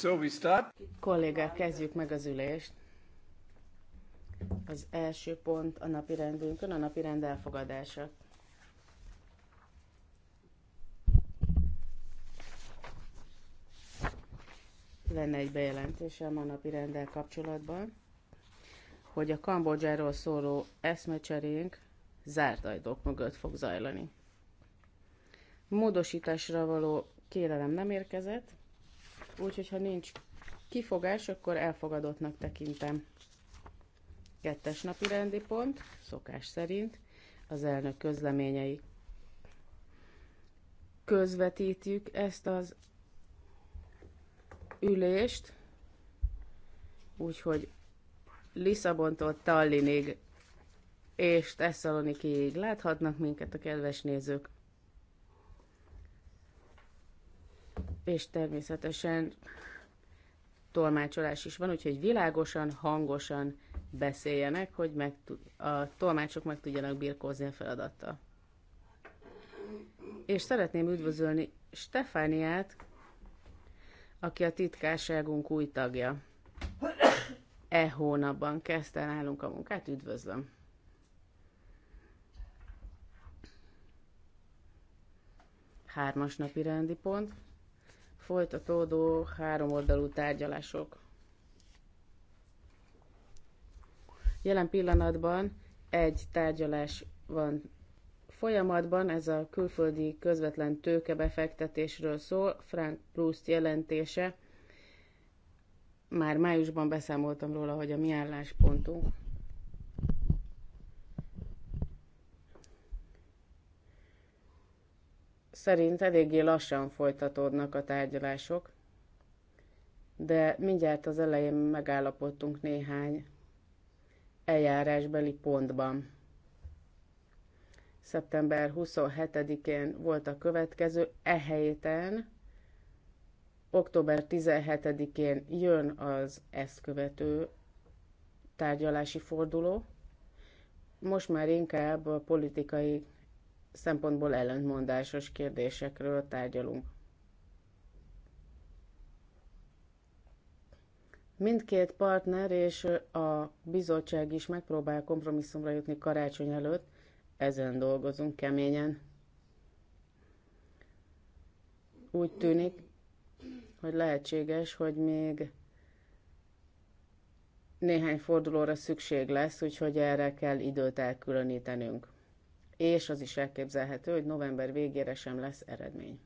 So we start. Kollégák, kezdjük meg az ülést. Az első pont a napi rendünkön, a napi rend elfogadása. Lenne egy bejelentésem a napi rendel kapcsolatban, hogy a Kambodzsáról szóló eszmecserénk zárt ajtók mögött fog zajlani. Módosításra való kérelem nem érkezett, úgyhogy ha nincs kifogás, akkor elfogadottnak tekintem. Kettes napi rendi pont, szokás szerint, az elnök közleményei. Közvetítjük ezt az ülést, úgyhogy Lisszabontól Tallinig és Tesszalonikiig láthatnak minket a kedves nézők. és természetesen tolmácsolás is van, úgyhogy világosan, hangosan beszéljenek, hogy meg, a tolmácsok meg tudjanak birkózni a feladattal. És szeretném üdvözölni Stefániát, aki a titkárságunk új tagja. E hónapban kezdte nálunk a munkát, üdvözlöm! Hármas napi rendi pont – folytatódó háromoldalú tárgyalások. Jelen pillanatban egy tárgyalás van folyamatban, ez a külföldi közvetlen tőkebefektetésről szól, Frank Plus jelentése. Már májusban beszámoltam róla, hogy a mi álláspontunk. szerint eléggé lassan folytatódnak a tárgyalások, de mindjárt az elején megállapodtunk néhány eljárásbeli pontban. Szeptember 27-én volt a következő, e október 17-én jön az ezt követő tárgyalási forduló. Most már inkább a politikai szempontból ellentmondásos kérdésekről tárgyalunk. Mindkét partner és a bizottság is megpróbál kompromisszumra jutni karácsony előtt, ezen dolgozunk keményen. Úgy tűnik, hogy lehetséges, hogy még néhány fordulóra szükség lesz, úgyhogy erre kell időt elkülönítenünk és az is elképzelhető, hogy november végére sem lesz eredmény.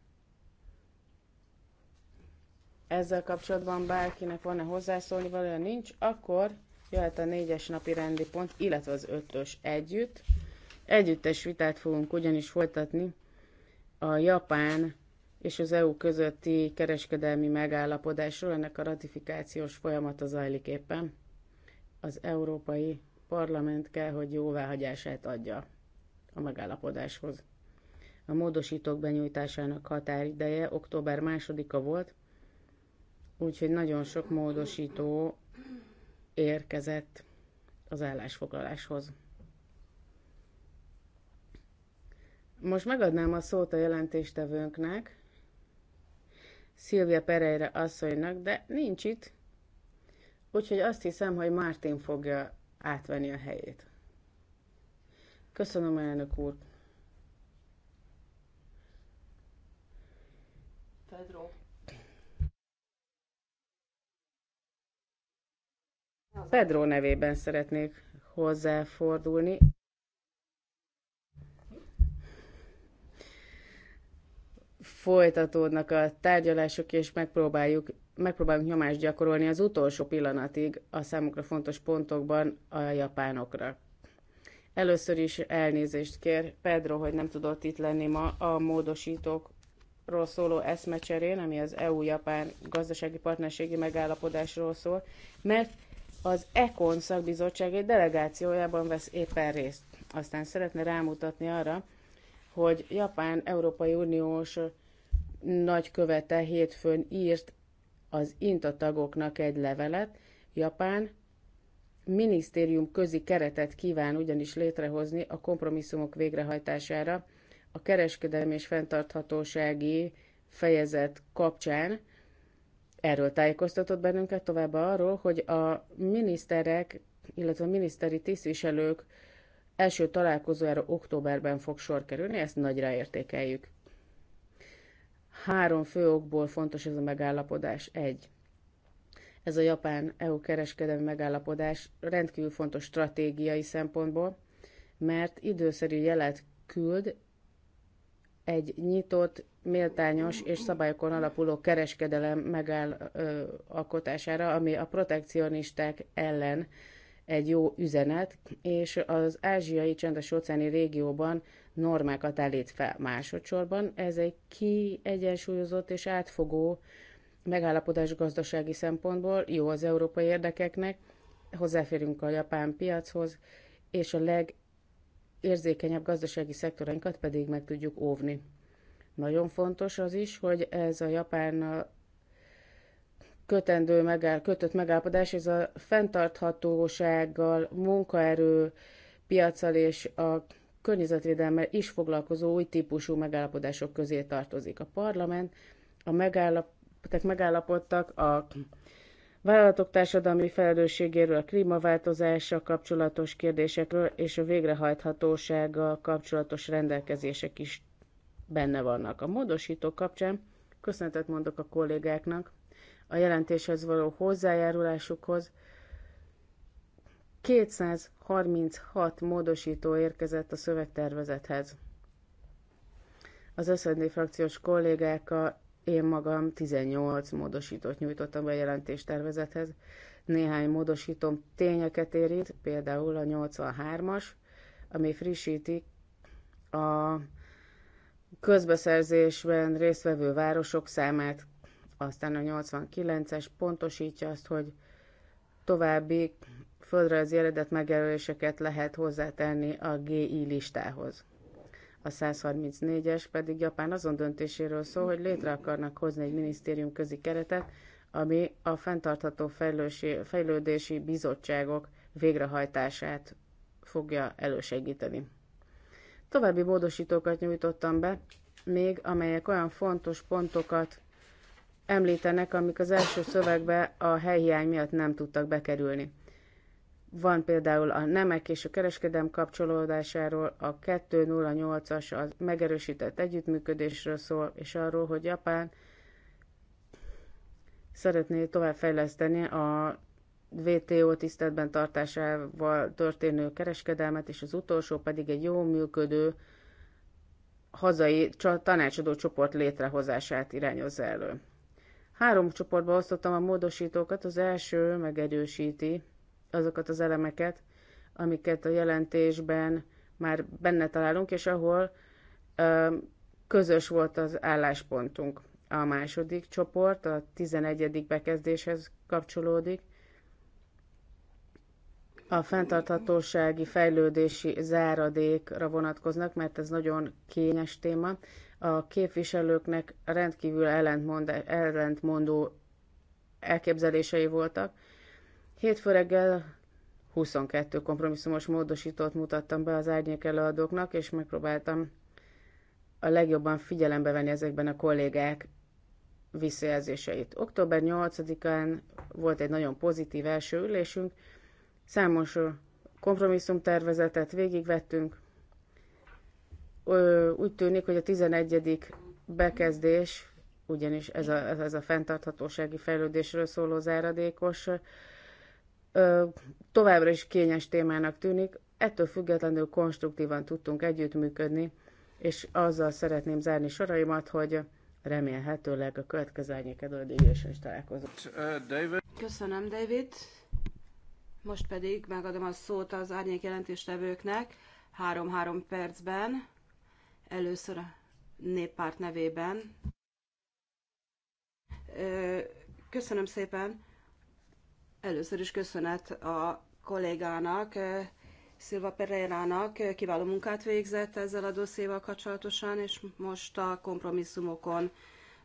Ezzel kapcsolatban bárkinek van-e hozzászólni valója nincs, akkor jöhet a négyes napi rendi pont, illetve az ötös együtt. Együttes vitát fogunk ugyanis folytatni a Japán és az EU közötti kereskedelmi megállapodásról, ennek a ratifikációs folyamata zajlik éppen. Az Európai Parlament kell, hogy jóváhagyását adja a megállapodáshoz. A módosítók benyújtásának határideje október 2-a volt, úgyhogy nagyon sok módosító érkezett az állásfoglaláshoz. Most megadnám a szót a jelentéstevőnknek, Szilvia Pereira asszonynak, de nincs itt, úgyhogy azt hiszem, hogy Mártin fogja átvenni a helyét. Köszönöm, elnök úr. Pedro. Pedro nevében szeretnék hozzáfordulni. Folytatódnak a tárgyalások, és megpróbáljuk, megpróbálunk nyomást gyakorolni az utolsó pillanatig a számukra fontos pontokban a japánokra. Először is elnézést kér Pedro, hogy nem tudott itt lenni ma a módosítókról szóló eszmecserén, ami az EU-Japán gazdasági partnerségi megállapodásról szól, mert az ECON szakbizottság egy delegációjában vesz éppen részt. Aztán szeretne rámutatni arra, hogy Japán Európai Uniós nagykövete hétfőn írt az INTA tagoknak egy levelet. Japán minisztérium közi keretet kíván ugyanis létrehozni a kompromisszumok végrehajtására a kereskedelmi és fenntarthatósági fejezet kapcsán. Erről tájékoztatott bennünket továbbá arról, hogy a miniszterek, illetve a miniszteri tisztviselők első találkozójára októberben fog sor kerülni, ezt nagyra értékeljük. Három fő okból fontos ez a megállapodás. Egy ez a japán-EU kereskedelmi megállapodás rendkívül fontos stratégiai szempontból, mert időszerű jelet küld egy nyitott, méltányos és szabályokon alapuló kereskedelem megállapotására, ami a protekcionisták ellen egy jó üzenet, és az ázsiai csendes óceáni régióban normákat állít fel másodszorban. Ez egy kiegyensúlyozott és átfogó megállapodás gazdasági szempontból jó az európai érdekeknek, hozzáférünk a japán piachoz, és a legérzékenyebb gazdasági szektorainkat pedig meg tudjuk óvni. Nagyon fontos az is, hogy ez a japán kötendő megáll, kötött megállapodás, ez a fenntarthatósággal, munkaerő, piacsal és a környezetvédelmel is foglalkozó új típusú megállapodások közé tartozik. A parlament a megállap, tehát megállapodtak a vállalatok társadalmi felelősségéről, a klímaváltozással kapcsolatos kérdésekről és a végrehajthatósággal kapcsolatos rendelkezések is benne vannak. A módosító kapcsán köszönetet mondok a kollégáknak a jelentéshez való hozzájárulásukhoz. 236 módosító érkezett a szövegtervezethez. Az összedni frakciós kollégákkal én magam 18 módosítót nyújtottam be a jelentéstervezethez. Néhány módosítom tényeket érint, például a 83-as, ami frissíti a közbeszerzésben résztvevő városok számát, aztán a 89-es pontosítja azt, hogy további földrajzi eredet megjelöléseket lehet hozzátenni a GI listához. A 134-es pedig Japán azon döntéséről szól, hogy létre akarnak hozni egy minisztérium közi keretet, ami a fenntartható fejlősi, fejlődési bizottságok végrehajtását fogja elősegíteni. További módosítókat nyújtottam be, még amelyek olyan fontos pontokat említenek, amik az első szövegbe a helyhiány miatt nem tudtak bekerülni. Van például a nemek és a kereskedem kapcsolódásáról, a 208-as az megerősített együttműködésről szól, és arról, hogy Japán szeretné továbbfejleszteni a WTO tiszteletben tartásával történő kereskedelmet, és az utolsó pedig egy jó működő hazai tanácsadó csoport létrehozását irányozza elő. Három csoportba osztottam a módosítókat, az első megerősíti azokat az elemeket, amiket a jelentésben már benne találunk, és ahol ö, közös volt az álláspontunk. A második csoport a 11. bekezdéshez kapcsolódik. A fenntarthatósági fejlődési záradékra vonatkoznak, mert ez nagyon kényes téma. A képviselőknek rendkívül ellentmondó elképzelései voltak, Hétfő reggel 22 kompromisszumos módosítót mutattam be az árnyék előadóknak, és megpróbáltam a legjobban figyelembe venni ezekben a kollégák visszajelzéseit. Október 8-án volt egy nagyon pozitív első ülésünk, számos kompromisszumtervezetet végigvettünk. Úgy tűnik, hogy a 11. bekezdés, ugyanis ez a, ez a fenntarthatósági fejlődésről szóló záradékos ö, továbbra is kényes témának tűnik, ettől függetlenül konstruktívan tudtunk együttműködni, és azzal szeretném zárni soraimat, hogy remélhetőleg a következő árnyékedődésen is találkozunk. Köszönöm, David. Most pedig megadom a szót az árnyék jelentéstevőknek három-három percben. Először a néppárt nevében. Köszönöm szépen. Először is köszönet a kollégának, eh, Szilva Pereirának, eh, kiváló munkát végzett ezzel a dosszéval kapcsolatosan, és most a kompromisszumokon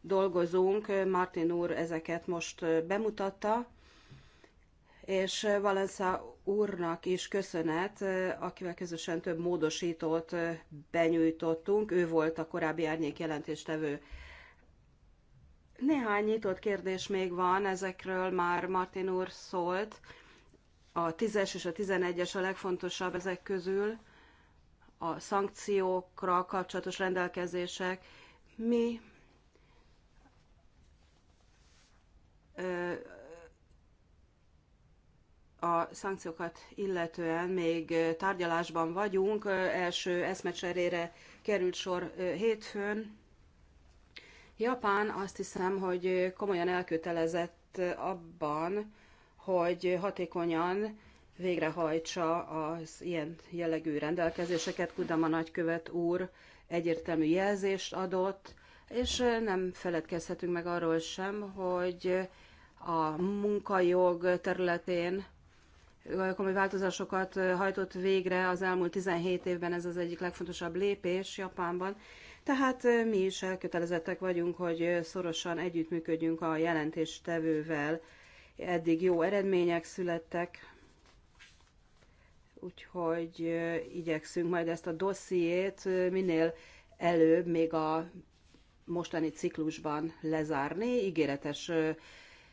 dolgozunk. Eh, Martin úr ezeket most bemutatta, és Valensza úrnak is köszönet, akivel közösen több módosítót benyújtottunk. Ő volt a korábbi árnyék jelentéstevő. Néhány nyitott kérdés még van, ezekről már Martin úr szólt. A 10-es és a 11-es a legfontosabb ezek közül, a szankciókra kapcsolatos rendelkezések. Mi a szankciókat illetően még tárgyalásban vagyunk, első eszmecserére került sor hétfőn, Japán azt hiszem, hogy komolyan elkötelezett abban, hogy hatékonyan végrehajtsa az ilyen jellegű rendelkezéseket. Kudama nagykövet úr egyértelmű jelzést adott, és nem feledkezhetünk meg arról sem, hogy a munkajog területén komoly változásokat hajtott végre az elmúlt 17 évben, ez az egyik legfontosabb lépés Japánban, tehát mi is elkötelezettek vagyunk, hogy szorosan együttműködjünk a jelentéstevővel. Eddig jó eredmények születtek, úgyhogy igyekszünk majd ezt a dossziét minél előbb, még a mostani ciklusban lezárni. Ígéretes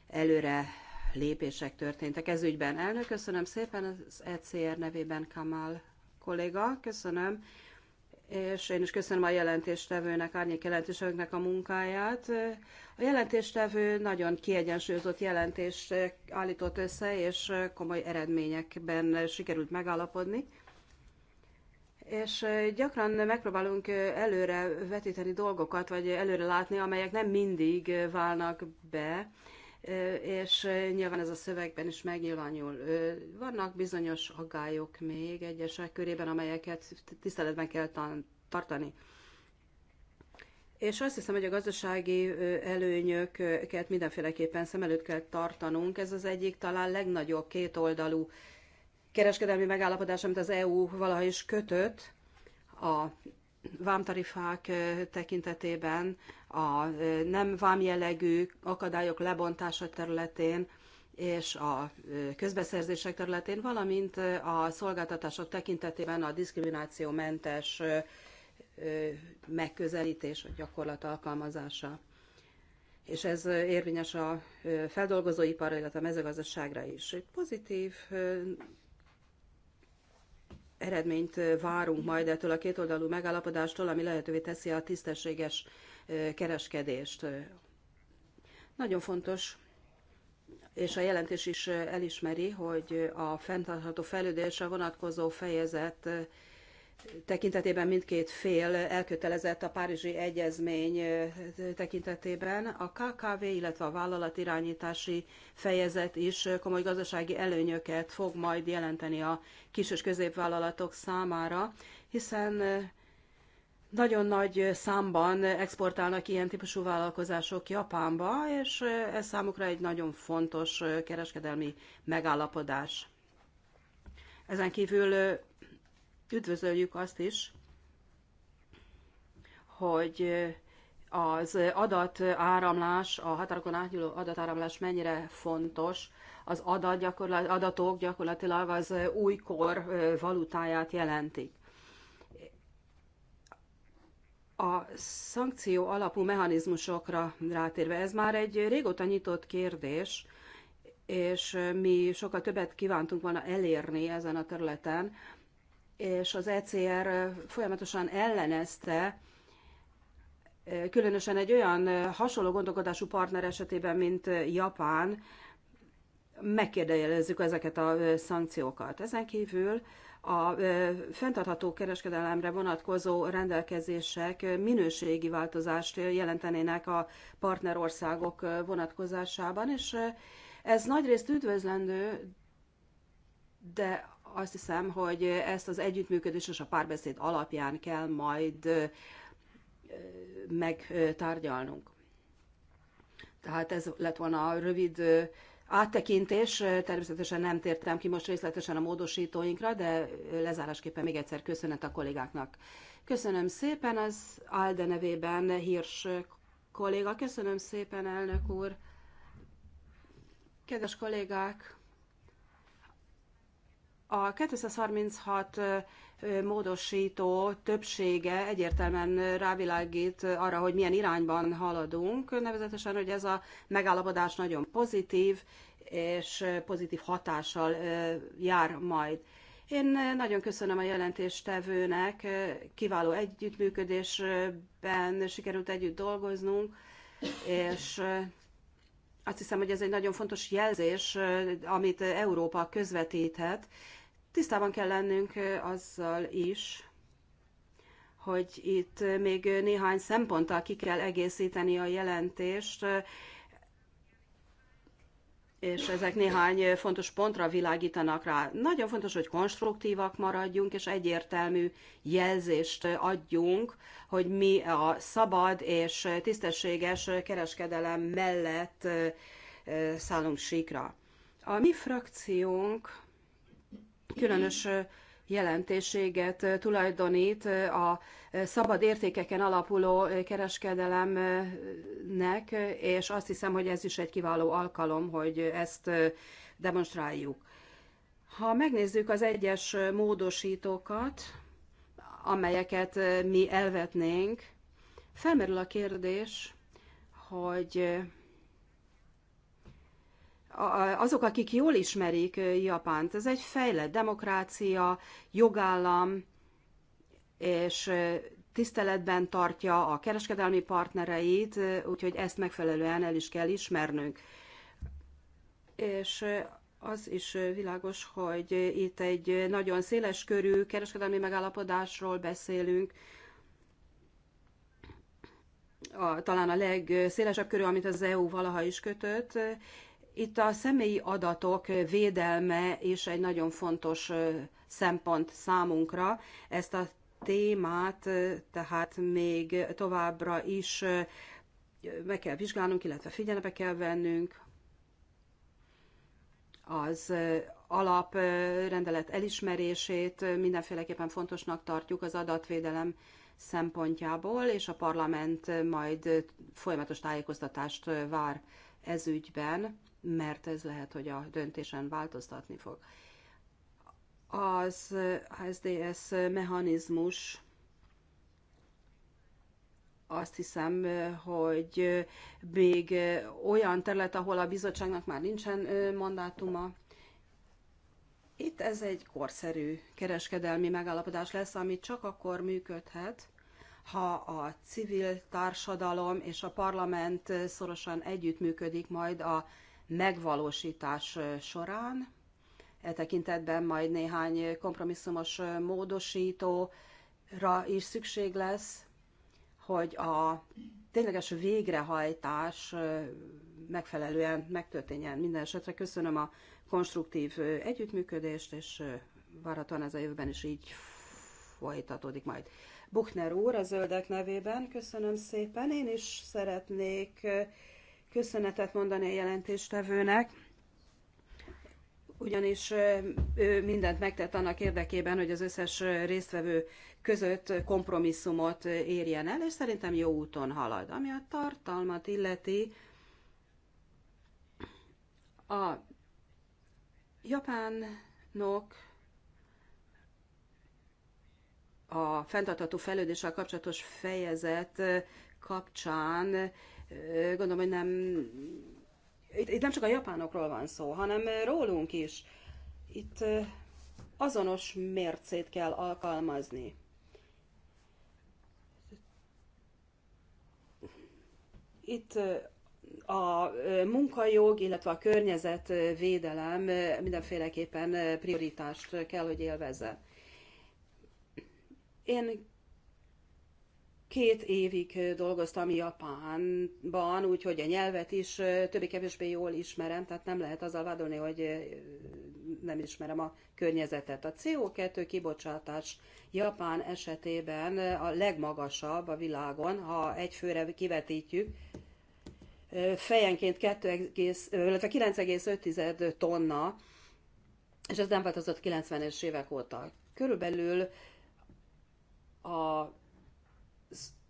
előre lépések történtek ez ügyben. Elnök, köszönöm szépen az ECR nevében Kamal kolléga, köszönöm és én is köszönöm a jelentéstevőnek, árnyék jelentéstevőnek a munkáját. A jelentéstevő nagyon kiegyensúlyozott jelentést állított össze, és komoly eredményekben sikerült megállapodni. És gyakran megpróbálunk előre vetíteni dolgokat, vagy előre látni, amelyek nem mindig válnak be, és nyilván ez a szövegben is megnyilvánul. Vannak bizonyos aggályok még egyesek körében, amelyeket tiszteletben kell tartani. És azt hiszem, hogy a gazdasági előnyöket mindenféleképpen szem előtt kell tartanunk. Ez az egyik talán legnagyobb kétoldalú kereskedelmi megállapodás, amit az EU valaha is kötött a vámtarifák eh, tekintetében, a eh, nem vámjellegű akadályok lebontása területén és a eh, közbeszerzések területén, valamint a szolgáltatások tekintetében a diszkriminációmentes megközelítés vagy gyakorlat alkalmazása. És ez érvényes a feldolgozóiparra, illetve a mezőgazdaságra is. Pozitív eredményt várunk majd ettől a kétoldalú megállapodástól, ami lehetővé teszi a tisztességes kereskedést. Nagyon fontos, és a jelentés is elismeri, hogy a fenntartható fejlődésre vonatkozó fejezet tekintetében mindkét fél elkötelezett a Párizsi Egyezmény tekintetében. A KKV, illetve a vállalatirányítási fejezet is komoly gazdasági előnyöket fog majd jelenteni a kis- és középvállalatok számára, hiszen nagyon nagy számban exportálnak ilyen típusú vállalkozások Japánba, és ez számukra egy nagyon fontos kereskedelmi megállapodás. Ezen kívül Üdvözöljük azt is, hogy az adatáramlás, a határokon átnyúló adatáramlás mennyire fontos, az adat gyakorlat, adatok gyakorlatilag az újkor valutáját jelentik. A szankció alapú mechanizmusokra rátérve, ez már egy régóta nyitott kérdés, és mi sokkal többet kívántunk volna elérni ezen a területen, és az ECR folyamatosan ellenezte, különösen egy olyan hasonló gondolkodású partner esetében, mint Japán, megkérdőjelezzük ezeket a szankciókat. Ezen kívül a fenntartható kereskedelemre vonatkozó rendelkezések minőségi változást jelentenének a partnerországok vonatkozásában, és ez nagyrészt üdvözlendő, de azt hiszem, hogy ezt az együttműködés és a párbeszéd alapján kell majd megtárgyalnunk. Tehát ez lett volna a rövid áttekintés. Természetesen nem tértem ki most részletesen a módosítóinkra, de lezárásképpen még egyszer köszönet a kollégáknak. Köszönöm szépen az Alde nevében Hírs kolléga. Köszönöm szépen, elnök úr. Kedves kollégák! A 236 módosító többsége egyértelműen rávilágít arra, hogy milyen irányban haladunk, nevezetesen, hogy ez a megállapodás nagyon pozitív, és pozitív hatással jár majd. Én nagyon köszönöm a jelentéstevőnek, kiváló együttműködésben sikerült együtt dolgoznunk, és azt hiszem, hogy ez egy nagyon fontos jelzés, amit Európa közvetíthet, Tisztában kell lennünk azzal is, hogy itt még néhány szemponttal ki kell egészíteni a jelentést, és ezek néhány fontos pontra világítanak rá. Nagyon fontos, hogy konstruktívak maradjunk, és egyértelmű jelzést adjunk, hogy mi a szabad és tisztességes kereskedelem mellett szállunk síkra. A mi frakciónk különös jelentőséget tulajdonít a szabad értékeken alapuló kereskedelemnek, és azt hiszem, hogy ez is egy kiváló alkalom, hogy ezt demonstráljuk. Ha megnézzük az egyes módosítókat, amelyeket mi elvetnénk, felmerül a kérdés, hogy azok, akik jól ismerik Japánt, ez egy fejlett demokrácia, jogállam, és tiszteletben tartja a kereskedelmi partnereit, úgyhogy ezt megfelelően el is kell ismernünk. És az is világos, hogy itt egy nagyon széles körű kereskedelmi megállapodásról beszélünk, a, talán a legszélesebb körül, amit az EU valaha is kötött, itt a személyi adatok védelme is egy nagyon fontos szempont számunkra. Ezt a témát tehát még továbbra is meg kell vizsgálnunk, illetve figyelembe kell vennünk. Az alaprendelet elismerését mindenféleképpen fontosnak tartjuk az adatvédelem szempontjából, és a parlament majd folyamatos tájékoztatást vár ez ügyben mert ez lehet, hogy a döntésen változtatni fog. Az SDS mechanizmus azt hiszem, hogy még olyan terület, ahol a bizottságnak már nincsen mandátuma. Itt ez egy korszerű kereskedelmi megállapodás lesz, ami csak akkor működhet, ha a civil társadalom és a parlament szorosan együttműködik majd a megvalósítás során. E tekintetben majd néhány kompromisszumos módosítóra is szükség lesz, hogy a tényleges végrehajtás megfelelően megtörténjen. Minden esetre köszönöm a konstruktív együttműködést, és várhatóan ez a jövőben is így folytatódik majd. Buchner úr, a zöldek nevében köszönöm szépen. Én is szeretnék köszönetet mondani a jelentéstevőnek, ugyanis ő mindent megtett annak érdekében, hogy az összes résztvevő között kompromisszumot érjen el, és szerintem jó úton halad. Ami a tartalmat illeti, a japánok a fenntartható fejlődéssel kapcsolatos fejezet kapcsán gondolom, hogy nem, itt, itt nem csak a japánokról van szó, hanem rólunk is. Itt azonos mércét kell alkalmazni. Itt a munkajog, illetve a környezetvédelem mindenféleképpen prioritást kell, hogy élvezze. Én Két évig dolgoztam Japánban, úgyhogy a nyelvet is többé-kevésbé jól ismerem, tehát nem lehet azzal vádolni, hogy nem ismerem a környezetet. A CO2 kibocsátás Japán esetében a legmagasabb a világon, ha egy főre kivetítjük, fejenként 9,5 tonna, és ez nem változott 90-es évek óta. Körülbelül a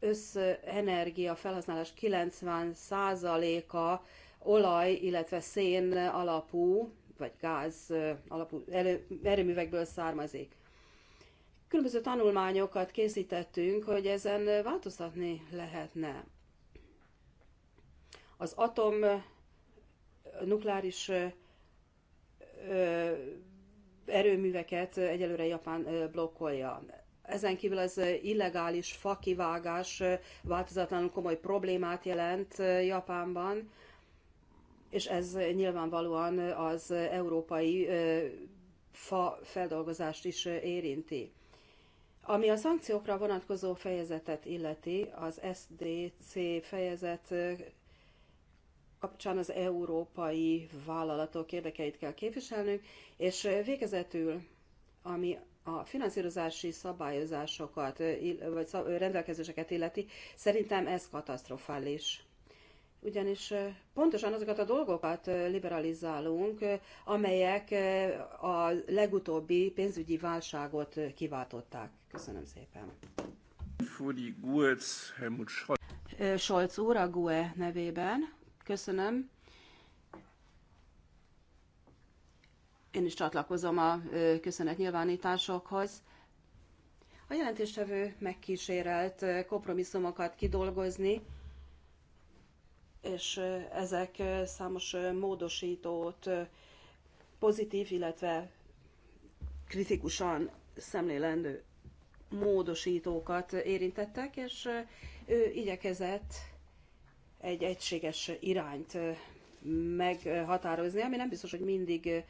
összenergia felhasználás 90%-a olaj, illetve szén alapú, vagy gáz alapú erőművekből származik. Különböző tanulmányokat készítettünk, hogy ezen változtatni lehetne. Az atom nukleáris erőműveket egyelőre Japán blokkolja. Ezen kívül az illegális fakivágás változatlanul komoly problémát jelent Japánban, és ez nyilvánvalóan az európai fa feldolgozást is érinti. Ami a szankciókra vonatkozó fejezetet illeti, az SDC fejezet kapcsán az európai vállalatok érdekeit kell képviselnünk, és végezetül, ami a finanszírozási szabályozásokat, vagy rendelkezéseket illeti, szerintem ez katasztrofális. Ugyanis pontosan azokat a dolgokat liberalizálunk, amelyek a legutóbbi pénzügyi válságot kiváltották. Köszönöm szépen. Scholz úr a GUE nevében. Köszönöm. Én is csatlakozom a köszönet nyilvánításokhoz. A jelentéstevő megkísérelt kompromisszumokat kidolgozni, és ezek számos módosítót pozitív, illetve kritikusan szemlélendő módosítókat érintettek, és ő igyekezett egy egységes irányt meghatározni, ami nem biztos, hogy mindig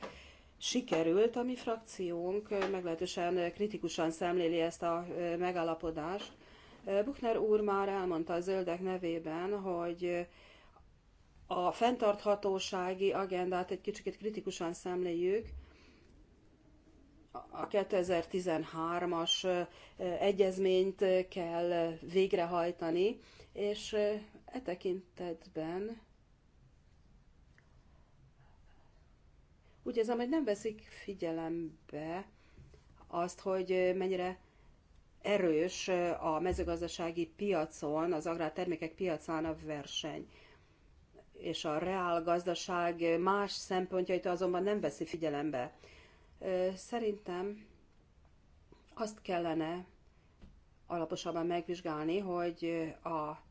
sikerült. A mi frakciónk meglehetősen kritikusan szemléli ezt a megállapodást. Buchner úr már elmondta a zöldek nevében, hogy a fenntarthatósági agendát egy kicsit kritikusan szemléljük, a 2013-as egyezményt kell végrehajtani, és e tekintetben Úgy érzem, hogy nem veszik figyelembe azt, hogy mennyire erős a mezőgazdasági piacon, az agrártermékek piacán a verseny. És a reál gazdaság más szempontjait azonban nem veszi figyelembe. Szerintem azt kellene alaposabban megvizsgálni, hogy a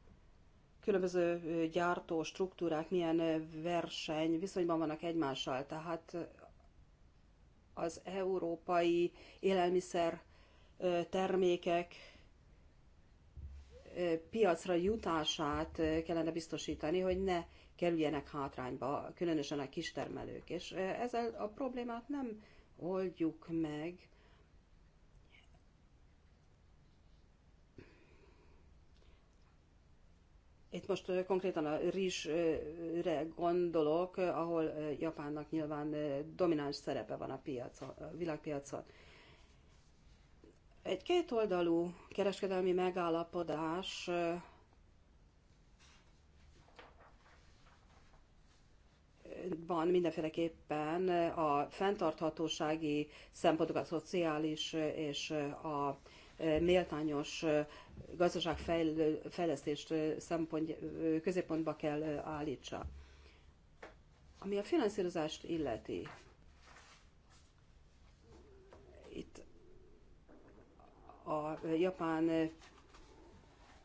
különböző gyártó struktúrák milyen verseny viszonyban vannak egymással. Tehát az európai élelmiszer termékek piacra jutását kellene biztosítani, hogy ne kerüljenek hátrányba, különösen a kistermelők. És ezzel a problémát nem oldjuk meg, Itt most konkrétan a rizsre gondolok, ahol Japánnak nyilván domináns szerepe van a, piac, a világpiacon. Egy kétoldalú kereskedelmi megállapodás van mindenféleképpen a fenntarthatósági szempontokat, a szociális és a méltányos gazdaságfejlesztést szempont, középpontba kell állítsa. Ami a finanszírozást illeti, itt a japán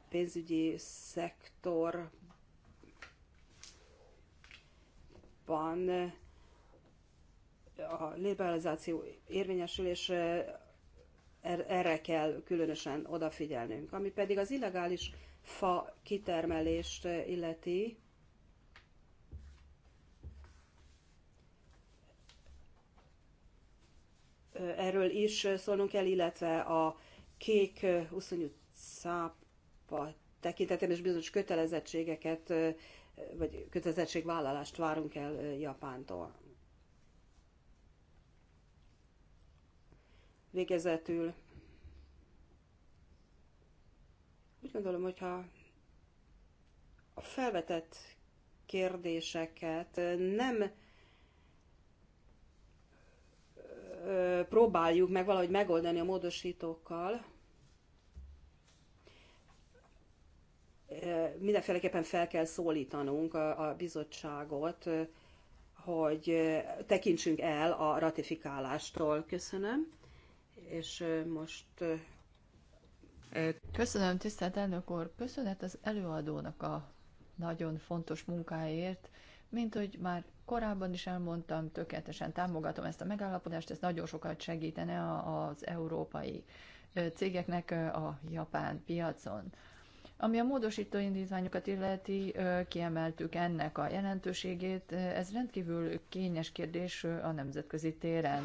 pénzügyi szektorban a liberalizáció érvényesülése Er-, erre kell különösen odafigyelnünk. Ami pedig az illegális fa kitermelést eh, illeti, eh, erről is szólnunk kell, illetve a kék eh, uszonyú cápa tekintetében is bizonyos kötelezettségeket, vagy kötelezettségvállalást várunk el Japántól. Végezetül úgy gondolom, hogyha a felvetett kérdéseket nem próbáljuk meg valahogy megoldani a módosítókkal, mindenféleképpen fel kell szólítanunk a, bizottságot, hogy tekintsünk el a ratifikálástól. Köszönöm és most... Köszönöm, tisztelt elnök úr! Köszönet az előadónak a nagyon fontos munkáért. Mint hogy már korábban is elmondtam, tökéletesen támogatom ezt a megállapodást, ez nagyon sokat segítene az európai cégeknek a japán piacon. Ami a módosító indítványokat illeti, kiemeltük ennek a jelentőségét. Ez rendkívül kényes kérdés a nemzetközi téren.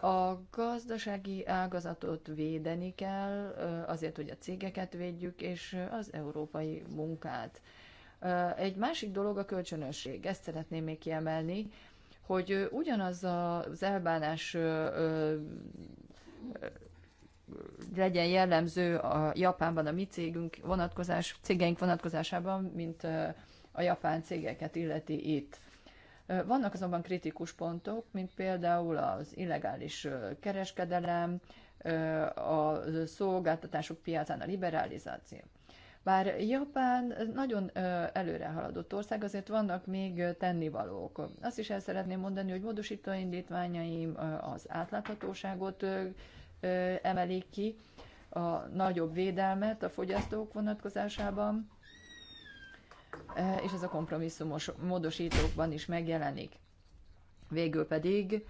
A gazdasági ágazatot védeni kell, azért, hogy a cégeket védjük, és az európai munkát. Egy másik dolog a kölcsönösség. Ezt szeretném még kiemelni, hogy ugyanaz az elbánás legyen jellemző a Japánban a mi cégünk vonatkozás, cégeink vonatkozásában, mint a japán cégeket illeti itt. Vannak azonban kritikus pontok, mint például az illegális kereskedelem, a szolgáltatások piacán a liberalizáció. Bár Japán nagyon előre haladott ország, azért vannak még tennivalók. Azt is el szeretném mondani, hogy módosító indítványaim az átláthatóságot emelik ki, a nagyobb védelmet a fogyasztók vonatkozásában, Eh, és ez a kompromisszumos módosítókban is megjelenik. Végül pedig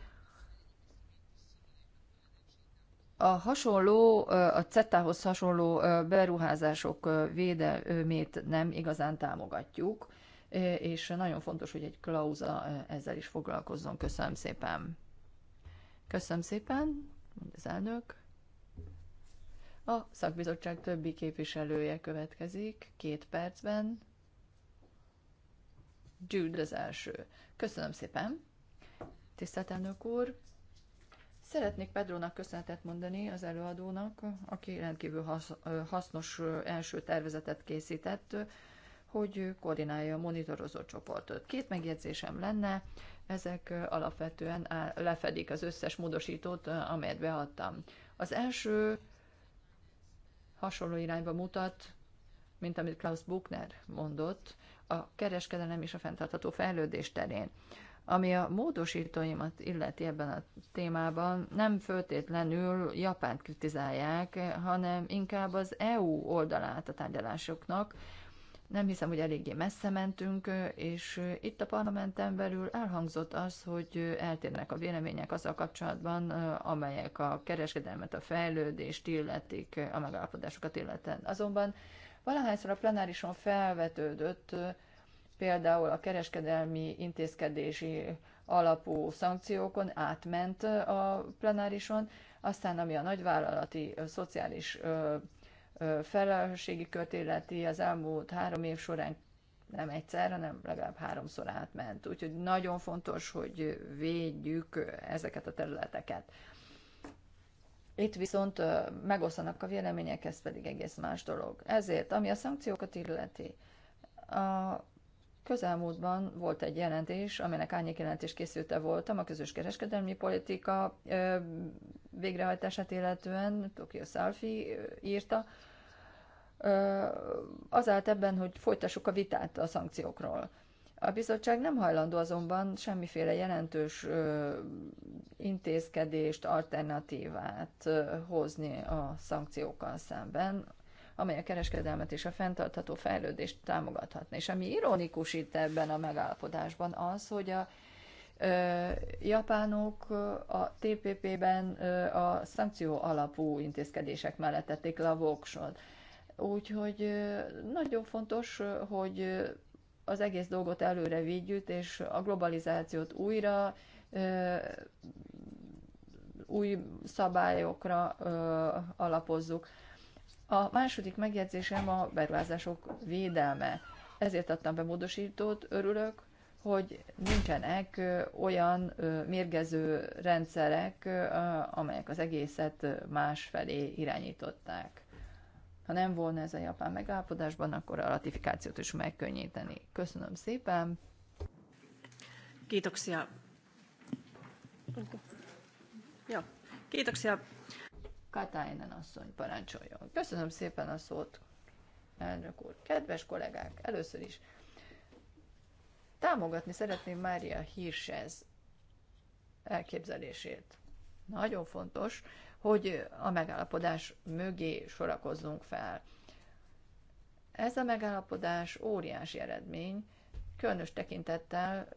a hasonló, eh, a CETA-hoz hasonló eh, beruházások védelmét nem igazán támogatjuk, és nagyon fontos, hogy egy klauza ezzel is foglalkozzon. Köszönöm szépen. Köszönöm szépen, mondja az elnök. A szakbizottság többi képviselője következik két percben. Jude az első. Köszönöm szépen. Tisztelt elnök úr, Szeretnék Pedrónak köszönetet mondani az előadónak, aki rendkívül hasznos első tervezetet készített, hogy koordinálja a monitorozó csoportot. Két megjegyzésem lenne, ezek alapvetően lefedik az összes módosítót, amelyet beadtam. Az első hasonló irányba mutat, mint amit Klaus Buchner mondott, a kereskedelem és a fenntartható fejlődés terén. Ami a módosítóimat illeti ebben a témában, nem föltétlenül Japánt kritizálják, hanem inkább az EU oldalát a tárgyalásoknak. Nem hiszem, hogy eléggé messze mentünk, és itt a parlamenten belül elhangzott az, hogy eltérnek a vélemények azzal kapcsolatban, amelyek a kereskedelmet, a fejlődést illetik, a megállapodásokat illeten. Azonban Valahányszor a plenárison felvetődött például a kereskedelmi intézkedési alapú szankciókon átment a plenárison, aztán ami a nagyvállalati a szociális felelősségi kört illeti az elmúlt három év során nem egyszer, hanem legalább háromszor átment. Úgyhogy nagyon fontos, hogy védjük ezeket a területeket. Itt viszont megoszlanak a vélemények, ez pedig egész más dolog. Ezért, ami a szankciókat illeti, a közelmúltban volt egy jelentés, aminek árnyék jelentés készülte voltam a közös kereskedelmi politika végrehajtását illetően, Tokyo Salfi írta, az állt ebben, hogy folytassuk a vitát a szankciókról. A bizottság nem hajlandó azonban semmiféle jelentős intézkedést, alternatívát hozni a szankciókkal szemben, amely a kereskedelmet és a fenntartható fejlődést támogathatna. És ami ironikus itt ebben a megállapodásban az, hogy a ö, japánok a TPP-ben a szankció alapú intézkedések mellett tették le a voksot. Úgyhogy nagyon fontos, hogy az egész dolgot előre vigyük, és a globalizációt újra új szabályokra alapozzuk. A második megjegyzésem a beruházások védelme. Ezért adtam be módosítót, örülök, hogy nincsenek olyan mérgező rendszerek, amelyek az egészet másfelé irányították. Ha nem volna ez a japán megállapodásban, akkor a ratifikációt is megkönnyíteni. Köszönöm szépen! Kiitoksia. Ja, Kiitoksia. Katainen asszony parancsoljon. Köszönöm szépen a szót, elnök úr. Kedves kollégák, először is támogatni szeretném Mária Hirsez elképzelését. Nagyon fontos, hogy a megállapodás mögé sorakozzunk fel. Ez a megállapodás óriási eredmény, különös tekintettel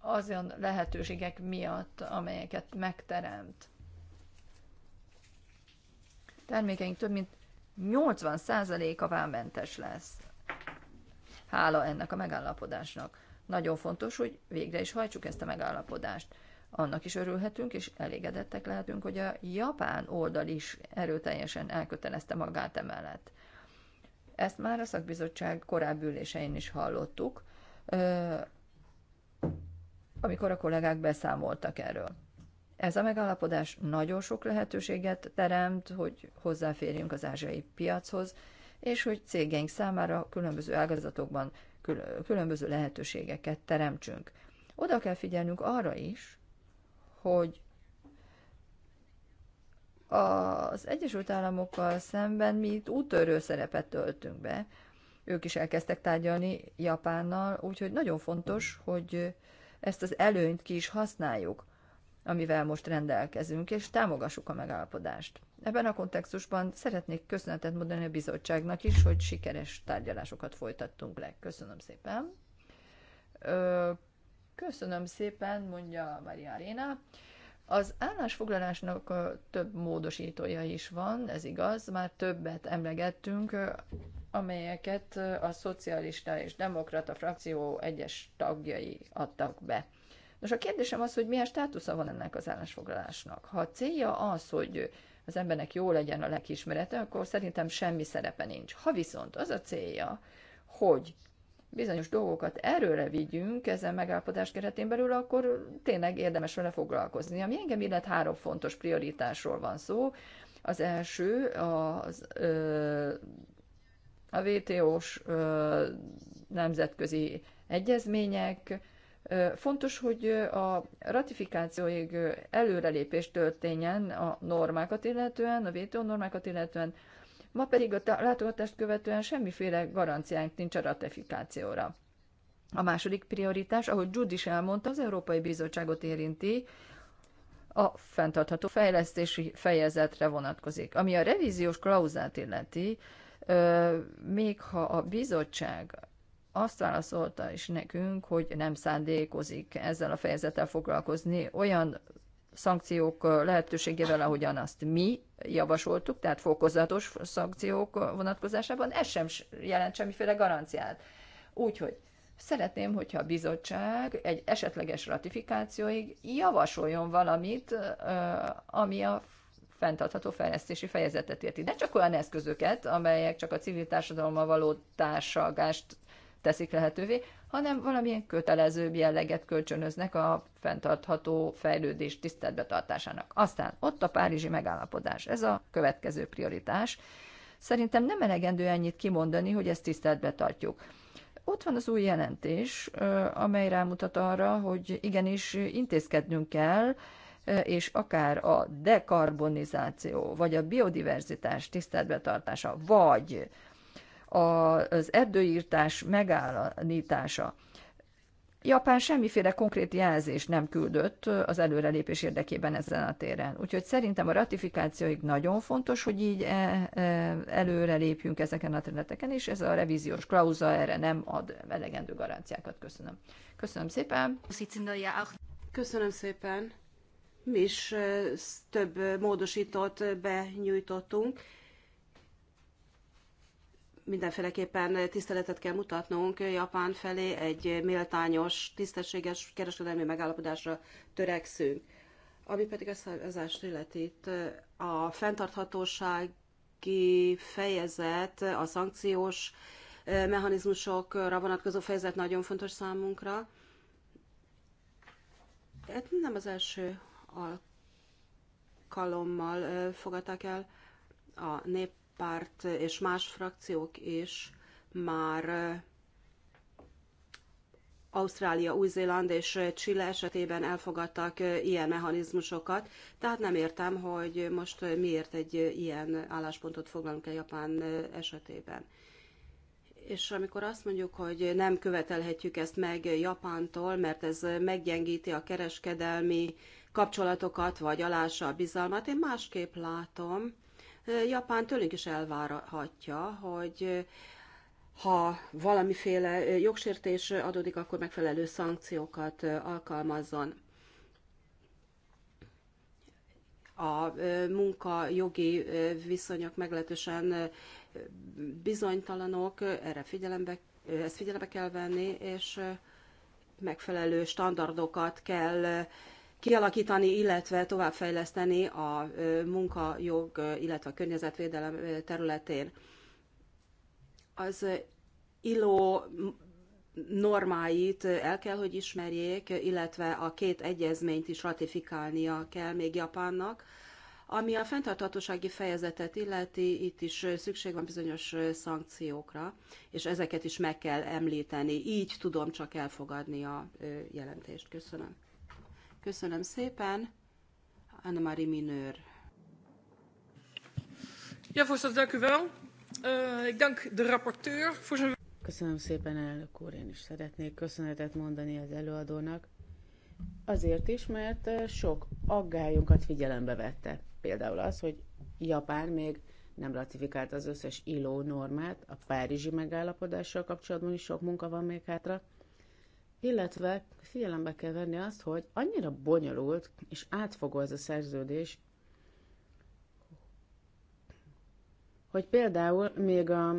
azon lehetőségek miatt, amelyeket megteremt. Termékeink több mint 80%-a vámmentes lesz. Hála ennek a megállapodásnak. Nagyon fontos, hogy végre is hajtsuk ezt a megállapodást annak is örülhetünk, és elégedettek lehetünk, hogy a japán oldal is erőteljesen elkötelezte magát emellett. Ezt már a szakbizottság korábbi ülésein is hallottuk, amikor a kollégák beszámoltak erről. Ez a megállapodás nagyon sok lehetőséget teremt, hogy hozzáférjünk az ázsiai piachoz, és hogy cégeink számára különböző ágazatokban különböző lehetőségeket teremtsünk. Oda kell figyelnünk arra is, hogy az Egyesült Államokkal szemben mi itt úttörő szerepet töltünk be. Ők is elkezdtek tárgyalni Japánnal, úgyhogy nagyon fontos, hogy ezt az előnyt ki is használjuk, amivel most rendelkezünk, és támogassuk a megállapodást. Ebben a kontextusban szeretnék köszönetet mondani a bizottságnak is, hogy sikeres tárgyalásokat folytattunk le. Köszönöm szépen. Köszönöm szépen, mondja Maria Arena. Az állásfoglalásnak több módosítója is van, ez igaz, már többet emlegettünk, amelyeket a szocialista és demokrata frakció egyes tagjai adtak be. Nos, a kérdésem az, hogy milyen státusza van ennek az állásfoglalásnak. Ha a célja az, hogy az embernek jó legyen a lelkiismerete, akkor szerintem semmi szerepe nincs. Ha viszont az a célja, hogy bizonyos dolgokat erőre vigyünk ezen megállapodás keretén belül, akkor tényleg érdemes vele foglalkozni. Ami engem illet három fontos prioritásról van szó. Az első az, a WTO-s nemzetközi egyezmények. Fontos, hogy a ratifikációig előrelépés történjen a normákat illetően, a WTO normákat illetően, Ma pedig a látogatást követően semmiféle garanciánk nincs a ratifikációra. A második prioritás, ahogy Judy is elmondta, az Európai Bizottságot érinti, a fenntartható fejlesztési fejezetre vonatkozik. Ami a revíziós klauzát illeti, még ha a bizottság azt válaszolta is nekünk, hogy nem szándékozik ezzel a fejezettel foglalkozni olyan szankciók lehetőségével, ahogyan azt mi javasoltuk, tehát fokozatos szankciók vonatkozásában, ez sem jelent semmiféle garanciát. Úgyhogy szeretném, hogyha a bizottság egy esetleges ratifikációig javasoljon valamit, ami a fenntartható fejlesztési fejezetet érti. De csak olyan eszközöket, amelyek csak a civil társadalommal való társadalmást teszik lehetővé, hanem valamilyen kötelezőbb jelleget kölcsönöznek a fenntartható fejlődés tiszteletbetartásának. Aztán ott a párizsi megállapodás, ez a következő prioritás. Szerintem nem elegendő ennyit kimondani, hogy ezt tiszteletbe tartjuk. Ott van az új jelentés, amely rámutat arra, hogy igenis intézkednünk kell, és akár a dekarbonizáció, vagy a biodiverzitás tartása, vagy az erdőírtás megállítása. Japán semmiféle konkrét jelzést nem küldött az előrelépés érdekében ezen a téren. Úgyhogy szerintem a ratifikációig nagyon fontos, hogy így e, e, előrelépjünk ezeken a területeken, és ez a revíziós klauza erre nem ad elegendő garanciákat. Köszönöm. Köszönöm szépen. Köszönöm szépen. Mi is e, több módosítót benyújtottunk mindenféleképpen tiszteletet kell mutatnunk Japán felé, egy méltányos, tisztességes kereskedelmi megállapodásra törekszünk. Ami pedig a szavazást illeti, a fenntarthatósági fejezet, a szankciós e, mechanizmusokra vonatkozó fejezet nagyon fontos számunkra. Ez hát nem az első alkalommal e, fogadták el a nép párt és más frakciók is már Ausztrália, Új-Zéland és Chile esetében elfogadtak ilyen mechanizmusokat, tehát nem értem, hogy most miért egy ilyen álláspontot foglalunk el Japán esetében. És amikor azt mondjuk, hogy nem követelhetjük ezt meg Japántól, mert ez meggyengíti a kereskedelmi kapcsolatokat, vagy alása a bizalmat, én másképp látom. Japán tőlünk is elvárhatja, hogy ha valamiféle jogsértés adódik, akkor megfelelő szankciókat alkalmazzon. A munkajogi viszonyok meglehetősen bizonytalanok, erre figyelembe, ezt figyelembe kell venni, és megfelelő standardokat kell kialakítani, illetve továbbfejleszteni a munkajog, illetve a környezetvédelem területén. Az ILO normáit el kell, hogy ismerjék, illetve a két egyezményt is ratifikálnia kell még Japánnak. Ami a fenntarthatósági fejezetet illeti, itt is szükség van bizonyos szankciókra, és ezeket is meg kell említeni. Így tudom csak elfogadni a jelentést. Köszönöm. Köszönöm szépen. Anna Marie Minőr. Ja, voorzitter, dank u wel. Uh, ik dank de rapporteur voor zijn... Köszönöm szépen, elnök úr. Én is szeretnék köszönetet mondani az előadónak. Azért is, mert eh, sok aggályunkat figyelembe vette. Például az, hogy Japán még nem ratifikált az összes ILO normát, a Párizsi megállapodással kapcsolatban is sok munka van még hátra, illetve figyelembe kell venni azt, hogy annyira bonyolult és átfogó ez a szerződés, hogy például még a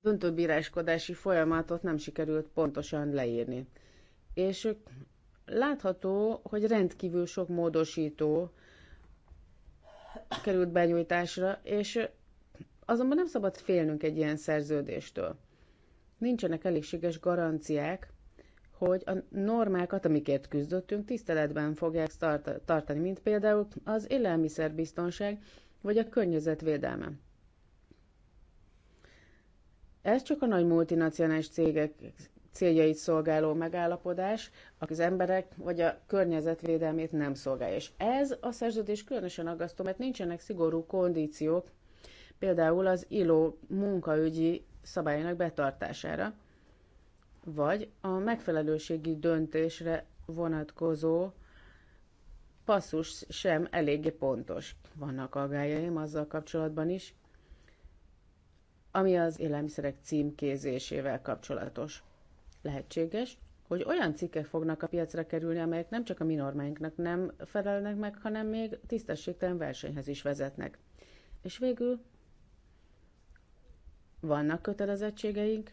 döntőbíráskodási folyamatot nem sikerült pontosan leírni. És látható, hogy rendkívül sok módosító került benyújtásra, és azonban nem szabad félnünk egy ilyen szerződéstől nincsenek elégséges garanciák, hogy a normákat, amikért küzdöttünk, tiszteletben fogják tartani, mint például az élelmiszerbiztonság vagy a környezetvédelme. Ez csak a nagy multinacionális cégek céljait szolgáló megállapodás, az emberek vagy a környezetvédelmét nem szolgálja. És ez a szerződés különösen aggasztó, mert nincsenek szigorú kondíciók, például az ILO munkaügyi szabályainak betartására, vagy a megfelelőségi döntésre vonatkozó passzus sem eléggé pontos. Vannak aggájaim azzal kapcsolatban is, ami az élelmiszerek címkézésével kapcsolatos. Lehetséges, hogy olyan cikkek fognak a piacra kerülni, amelyek nem csak a mi normáinknak nem felelnek meg, hanem még tisztességtelen versenyhez is vezetnek. És végül vannak kötelezettségeink,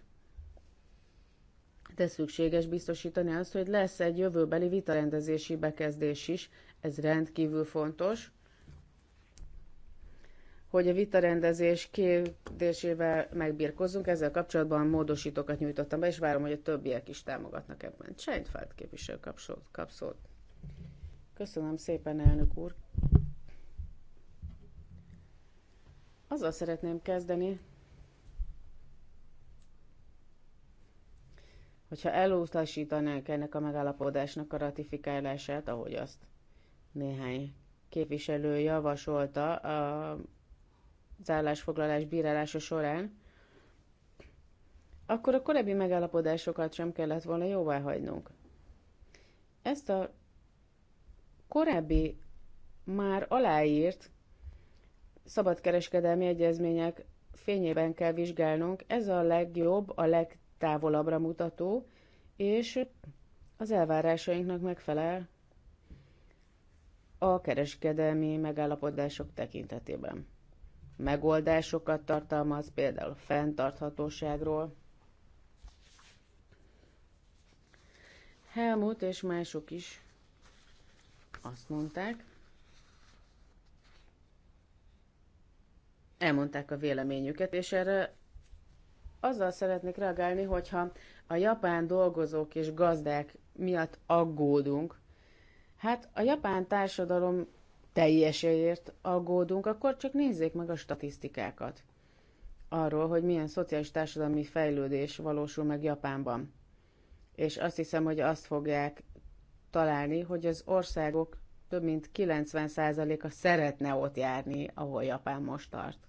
de szükséges biztosítani azt, hogy lesz egy jövőbeli vitarendezési bekezdés is. Ez rendkívül fontos, hogy a vitarendezés kérdésével megbírkozzunk. Ezzel kapcsolatban módosítókat nyújtottam be, és várom, hogy a többiek is támogatnak ebben. Seinfeld képviselő kapszót. Köszönöm szépen, elnök úr. Azzal szeretném kezdeni, hogyha elutasítanák ennek a megállapodásnak a ratifikálását, ahogy azt néhány képviselő javasolta a zállásfoglalás bírálása során, akkor a korábbi megállapodásokat sem kellett volna jóvá hagynunk. Ezt a korábbi már aláírt szabadkereskedelmi egyezmények fényében kell vizsgálnunk, ez a legjobb, a leg távolabbra mutató, és az elvárásainknak megfelel a kereskedelmi megállapodások tekintetében. Megoldásokat tartalmaz például fenntarthatóságról. Helmut és mások is azt mondták, elmondták a véleményüket, és erre azzal szeretnék reagálni, hogyha a japán dolgozók és gazdák miatt aggódunk, hát a japán társadalom teljeséért aggódunk, akkor csak nézzék meg a statisztikákat arról, hogy milyen szociális társadalmi fejlődés valósul meg Japánban. És azt hiszem, hogy azt fogják találni, hogy az országok több mint 90%-a szeretne ott járni, ahol Japán most tart.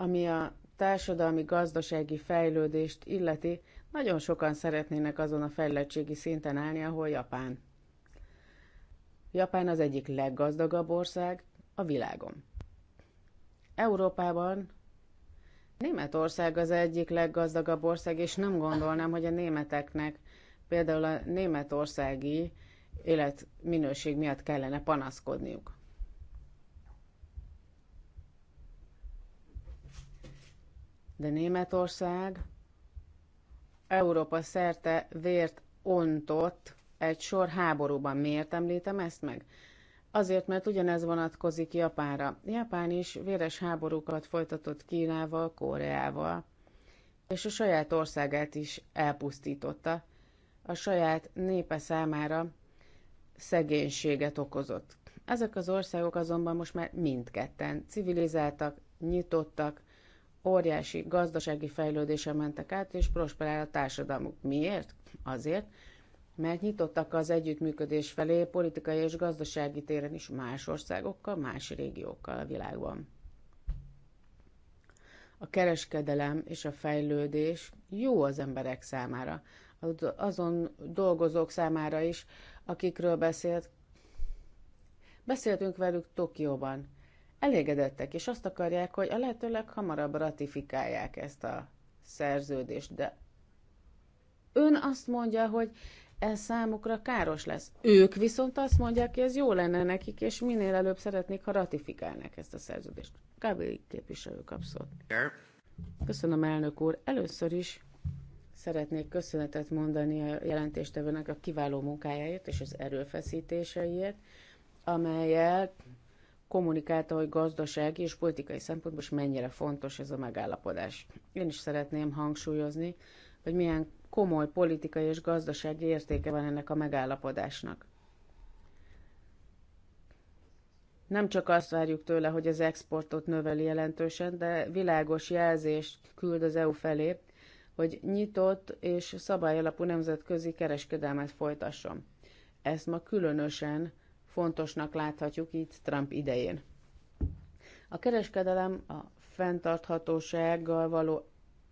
Ami a társadalmi gazdasági fejlődést illeti, nagyon sokan szeretnének azon a fejlettségi szinten állni, ahol Japán. Japán az egyik leggazdagabb ország a világon. Európában Németország az egyik leggazdagabb ország, és nem gondolnám, hogy a németeknek például a németországi életminőség miatt kellene panaszkodniuk. de Németország Európa szerte vért ontott egy sor háborúban. Miért említem ezt meg? Azért, mert ugyanez vonatkozik Japánra. Japán is véres háborúkat folytatott Kínával, Koreával, és a saját országát is elpusztította. A saját népe számára szegénységet okozott. Ezek az országok azonban most már mindketten civilizáltak, nyitottak, óriási gazdasági fejlődése mentek át, és prosperál a társadalmuk. Miért? Azért, mert nyitottak az együttműködés felé politikai és gazdasági téren is más országokkal, más régiókkal a világban. A kereskedelem és a fejlődés jó az emberek számára, azon dolgozók számára is, akikről beszélt. Beszéltünk velük Tokióban elégedettek, és azt akarják, hogy a lehető leghamarabb ratifikálják ezt a szerződést, de ön azt mondja, hogy ez számukra káros lesz. Ők viszont azt mondják, hogy ez jó lenne nekik, és minél előbb szeretnék, ha ratifikálnák ezt a szerződést. Kb. képviselő kapszott. Köszönöm, elnök úr. Először is szeretnék köszönetet mondani a jelentéstevőnek a kiváló munkájáért és az erőfeszítéseiért, amelyet kommunikálta, hogy gazdasági és politikai szempontból is mennyire fontos ez a megállapodás. Én is szeretném hangsúlyozni, hogy milyen komoly politikai és gazdasági értéke van ennek a megállapodásnak. Nem csak azt várjuk tőle, hogy az exportot növeli jelentősen, de világos jelzést küld az EU felé, hogy nyitott és szabályalapú nemzetközi kereskedelmet folytasson. Ezt ma különösen fontosnak láthatjuk itt Trump idején. A kereskedelem a fenntarthatósággal való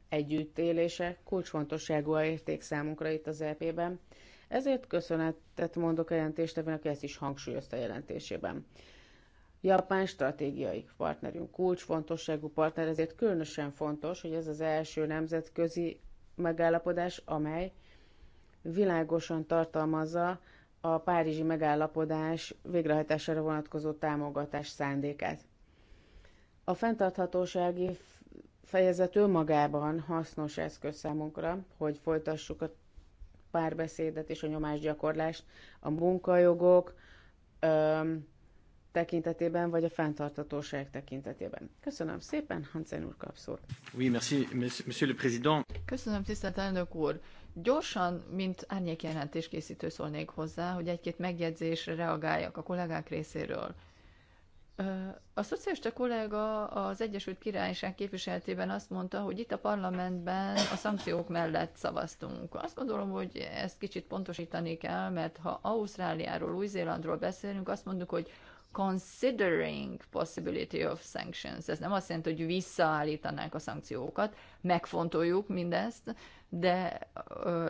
együttélése kulcsfontosságú a érték számunkra itt az EP-ben, ezért köszönetet mondok a jelentéstevőn, aki ezt is hangsúlyozta a jelentésében. Japán stratégiai partnerünk, kulcsfontosságú partner, ezért különösen fontos, hogy ez az első nemzetközi megállapodás, amely világosan tartalmazza a párizsi megállapodás végrehajtására vonatkozó támogatás szándékát. A fenntarthatósági fejezet önmagában hasznos eszköz számunkra, hogy folytassuk a párbeszédet és a nyomásgyakorlást a munkajogok öm, tekintetében, vagy a fenntarthatóság tekintetében. Köszönöm szépen, Hansen úr kapszót. Oui, merci, monsieur le président. Köszönöm, tisztelt elnök úr. Gyorsan, mint árnyékjelentés készítő szólnék hozzá, hogy egy-két megjegyzésre reagáljak a kollégák részéről. A szocialista kollega az Egyesült Királyság képviseletében azt mondta, hogy itt a parlamentben a szankciók mellett szavaztunk. Azt gondolom, hogy ezt kicsit pontosítani kell, mert ha Ausztráliáról, Új-Zélandról beszélünk, azt mondjuk, hogy considering possibility of sanctions. Ez nem azt jelenti, hogy visszaállítanák a szankciókat, megfontoljuk mindezt, de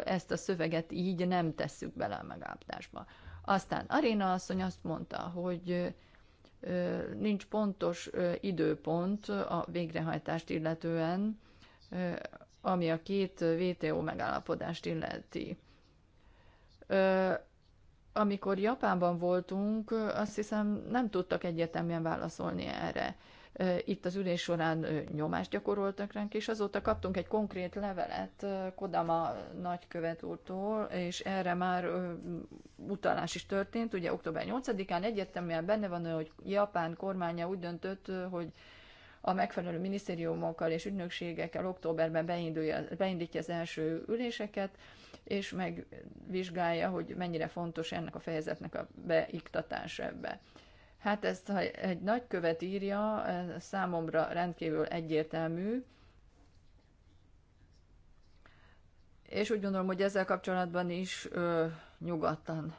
ezt a szöveget így nem tesszük bele a megállapodásba. Aztán Aréna asszony azt mondta, hogy nincs pontos időpont a végrehajtást illetően, ami a két VTO megállapodást illeti amikor Japánban voltunk, azt hiszem nem tudtak egyértelműen válaszolni erre. Itt az ülés során nyomást gyakoroltak ránk, és azóta kaptunk egy konkrét levelet Kodama nagykövet úrtól, és erre már utalás is történt. Ugye október 8-án egyértelműen benne van, hogy Japán kormánya úgy döntött, hogy a megfelelő minisztériumokkal és ügynökségekkel októberben beindítja az első üléseket, és megvizsgálja, hogy mennyire fontos ennek a fejezetnek a beiktatása ebbe. Hát ezt, ha egy nagykövet írja, számomra rendkívül egyértelmű, és úgy gondolom, hogy ezzel kapcsolatban is ö, nyugodtan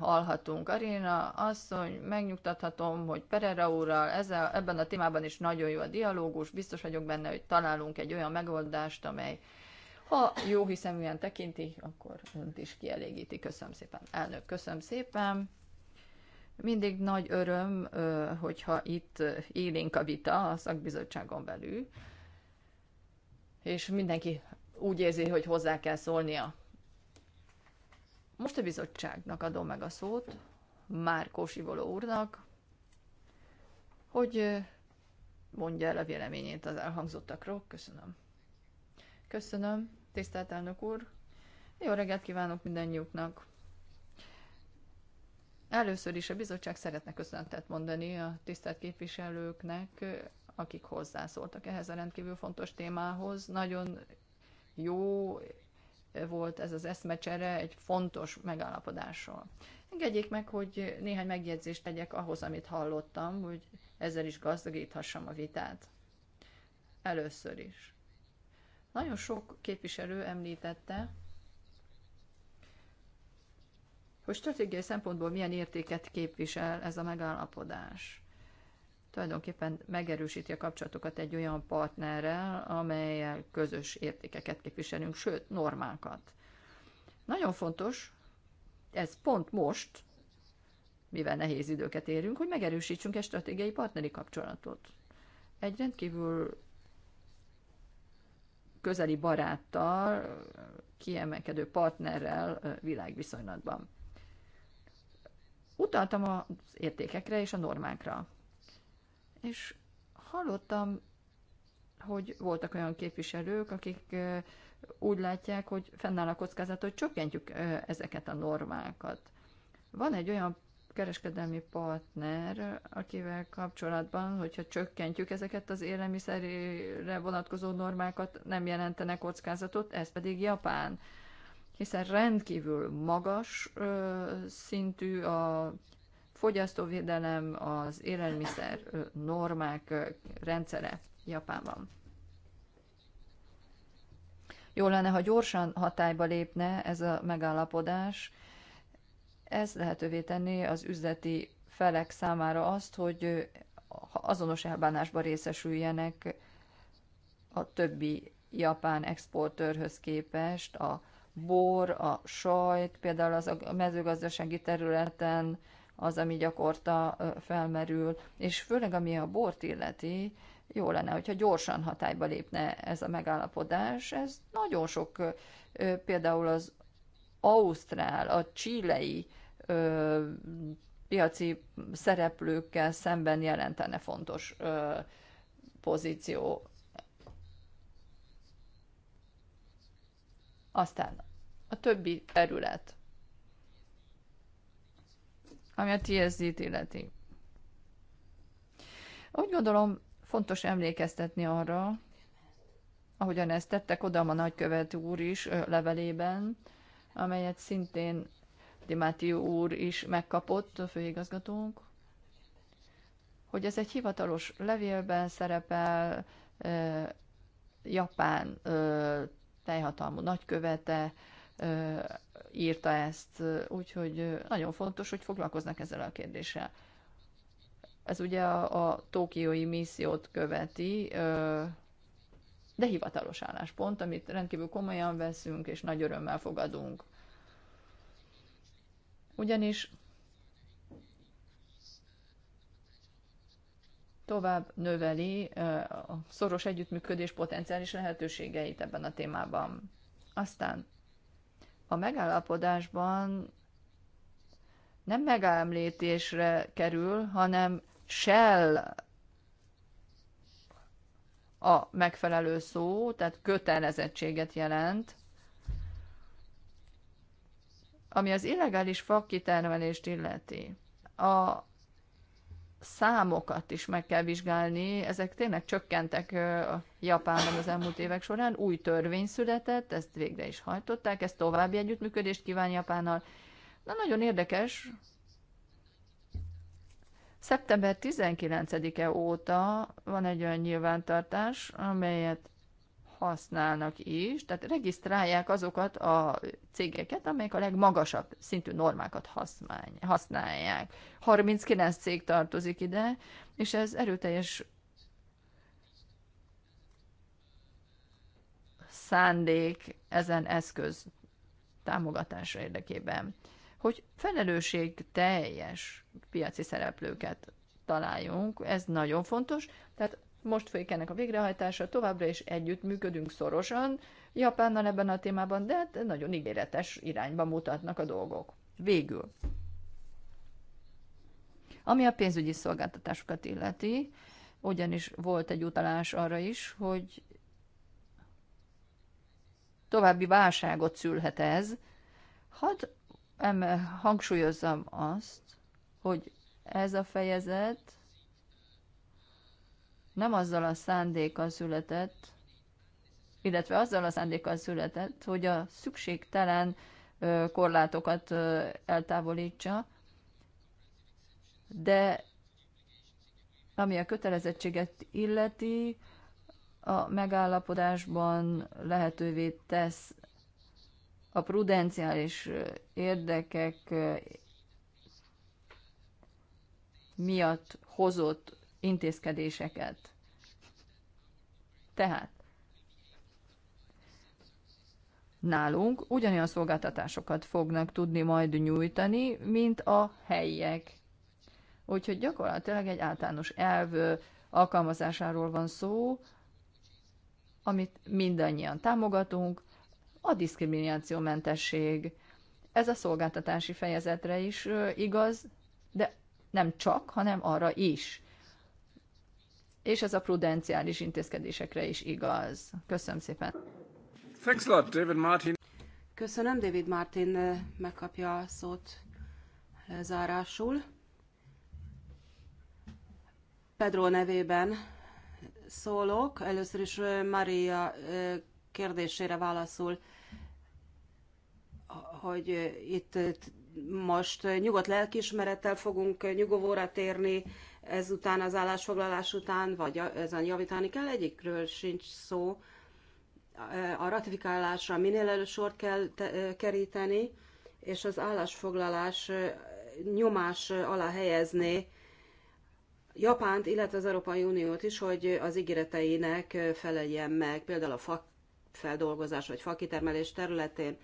hallhatunk. Aréna asszony, megnyugtathatom, hogy Perera úrral ezzel, ebben a témában is nagyon jó a dialógus, biztos vagyok benne, hogy találunk egy olyan megoldást, amely ha jó hiszeműen tekinti, akkor önt is kielégíti. Köszönöm szépen, elnök, köszönöm szépen. Mindig nagy öröm, hogyha itt élénk a vita a szakbizottságon belül, és mindenki úgy érzi, hogy hozzá kell szólnia. Most a bizottságnak adom meg a szót, Márkó Sivoló úrnak, hogy mondja el a véleményét az elhangzottakról. Köszönöm. Köszönöm. Tisztelt elnök úr, jó reggelt kívánok mindannyiuknak! Először is a bizottság szeretne köszöntet mondani a tisztelt képviselőknek, akik hozzászóltak ehhez a rendkívül fontos témához. Nagyon jó volt ez az eszmecsere egy fontos megállapodásról. Engedjék meg, hogy néhány megjegyzést tegyek ahhoz, amit hallottam, hogy ezzel is gazdagíthassam a vitát. Először is. Nagyon sok képviselő említette, hogy stratégiai szempontból milyen értéket képvisel ez a megállapodás. Tulajdonképpen megerősíti a kapcsolatokat egy olyan partnerrel, amelyel közös értékeket képviselünk, sőt, normákat. Nagyon fontos, ez pont most, mivel nehéz időket érünk, hogy megerősítsünk egy stratégiai partneri kapcsolatot. Egy rendkívül közeli baráttal, kiemelkedő partnerrel világviszonylatban. Utaltam az értékekre és a normákra. És hallottam, hogy voltak olyan képviselők, akik úgy látják, hogy fennáll a kockázat, hogy csökkentjük ezeket a normákat. Van egy olyan kereskedelmi partner, akivel kapcsolatban, hogyha csökkentjük ezeket az élelmiszerre vonatkozó normákat, nem jelentenek kockázatot, ez pedig Japán. Hiszen rendkívül magas ö, szintű a fogyasztóvédelem, az élelmiszer ö, normák ö, rendszere Japánban. Jó lenne, ha gyorsan hatályba lépne ez a megállapodás, ez lehetővé tenné az üzleti felek számára azt, hogy azonos elbánásba részesüljenek a többi japán exportőrhöz képest, a bor, a sajt, például az a mezőgazdasági területen az, ami gyakorta felmerül, és főleg ami a bort illeti, jó lenne, hogyha gyorsan hatályba lépne ez a megállapodás. Ez nagyon sok például az ausztrál, a csilei ö, piaci szereplőkkel szemben jelentene fontos ö, pozíció. Aztán a többi terület, ami a TSZ-t illeti. Úgy gondolom, fontos emlékeztetni arra, ahogyan ezt tettek oda a nagykövet úr is levelében, amelyet szintén Dimátió úr is megkapott, a főigazgatónk, hogy ez egy hivatalos levélben szerepel Japán e, teljhatalmú nagykövete, írta ezt, úgyhogy nagyon fontos, hogy foglalkoznak ezzel a kérdéssel. Ez ugye a, a tókiói missziót követi, de hivatalos álláspont, amit rendkívül komolyan veszünk és nagy örömmel fogadunk. Ugyanis tovább növeli a szoros együttműködés potenciális lehetőségeit ebben a témában. Aztán a megállapodásban nem megállítésre kerül, hanem shall a megfelelő szó, tehát kötelezettséget jelent, ami az illegális fakitermelést illeti. A számokat is meg kell vizsgálni, ezek tényleg csökkentek Japánban az elmúlt évek során, új törvény született, ezt végre is hajtották, ez további együttműködést kíván Japánnal. Na, nagyon érdekes, Szeptember 19-e óta van egy olyan nyilvántartás, amelyet használnak is, tehát regisztrálják azokat a cégeket, amelyek a legmagasabb szintű normákat használják. 39 cég tartozik ide, és ez erőteljes szándék ezen eszköz támogatása érdekében hogy felelősség teljes piaci szereplőket találjunk, ez nagyon fontos. Tehát most folyik ennek a végrehajtása, továbbra is együtt működünk szorosan Japánnal ebben a témában, de hát nagyon ígéretes irányba mutatnak a dolgok. Végül. Ami a pénzügyi szolgáltatásokat illeti, ugyanis volt egy utalás arra is, hogy további válságot szülhet ez. Hadd em, hangsúlyozzam azt, hogy ez a fejezet nem azzal a szándékkal született, illetve azzal a szándékkal született, hogy a szükségtelen korlátokat eltávolítsa, de ami a kötelezettséget illeti, a megállapodásban lehetővé tesz a prudenciális érdekek miatt hozott intézkedéseket. Tehát nálunk ugyanolyan szolgáltatásokat fognak tudni majd nyújtani, mint a helyiek. Úgyhogy gyakorlatilag egy általános elv alkalmazásáról van szó, amit mindannyian támogatunk, a diszkriminációmentesség. Ez a szolgáltatási fejezetre is igaz, de nem csak, hanem arra is. És ez a prudenciális intézkedésekre is igaz. Köszönöm szépen. Thanks a lot, David Martin. Köszönöm, David Martin megkapja a szót lezárásul. Pedro nevében szólok. Először is Maria kérdésére válaszul, hogy itt most nyugodt lelkiismerettel fogunk nyugovóra térni, ezután az állásfoglalás után, vagy ezen javítani kell, egyikről sincs szó. A ratifikálásra minél előbb sort kell keríteni, és az állásfoglalás nyomás alá helyezni Japánt, illetve az Európai Uniót is, hogy az ígéreteinek feleljen meg, például a fak feldolgozás vagy fakitermelés területén,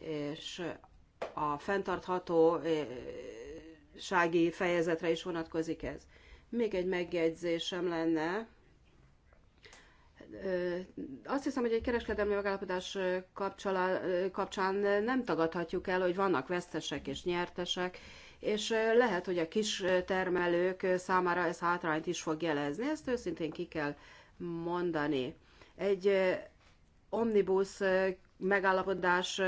és a fenntartható eh, sági fejezetre is vonatkozik ez. Még egy megjegyzésem lenne. Azt hiszem, hogy egy kereskedelmi megállapodás kapcsán nem tagadhatjuk el, hogy vannak vesztesek és nyertesek, és lehet, hogy a kis termelők számára ez hátrányt is fog jelezni. Ezt őszintén ki kell mondani. Egy omnibus megállapodás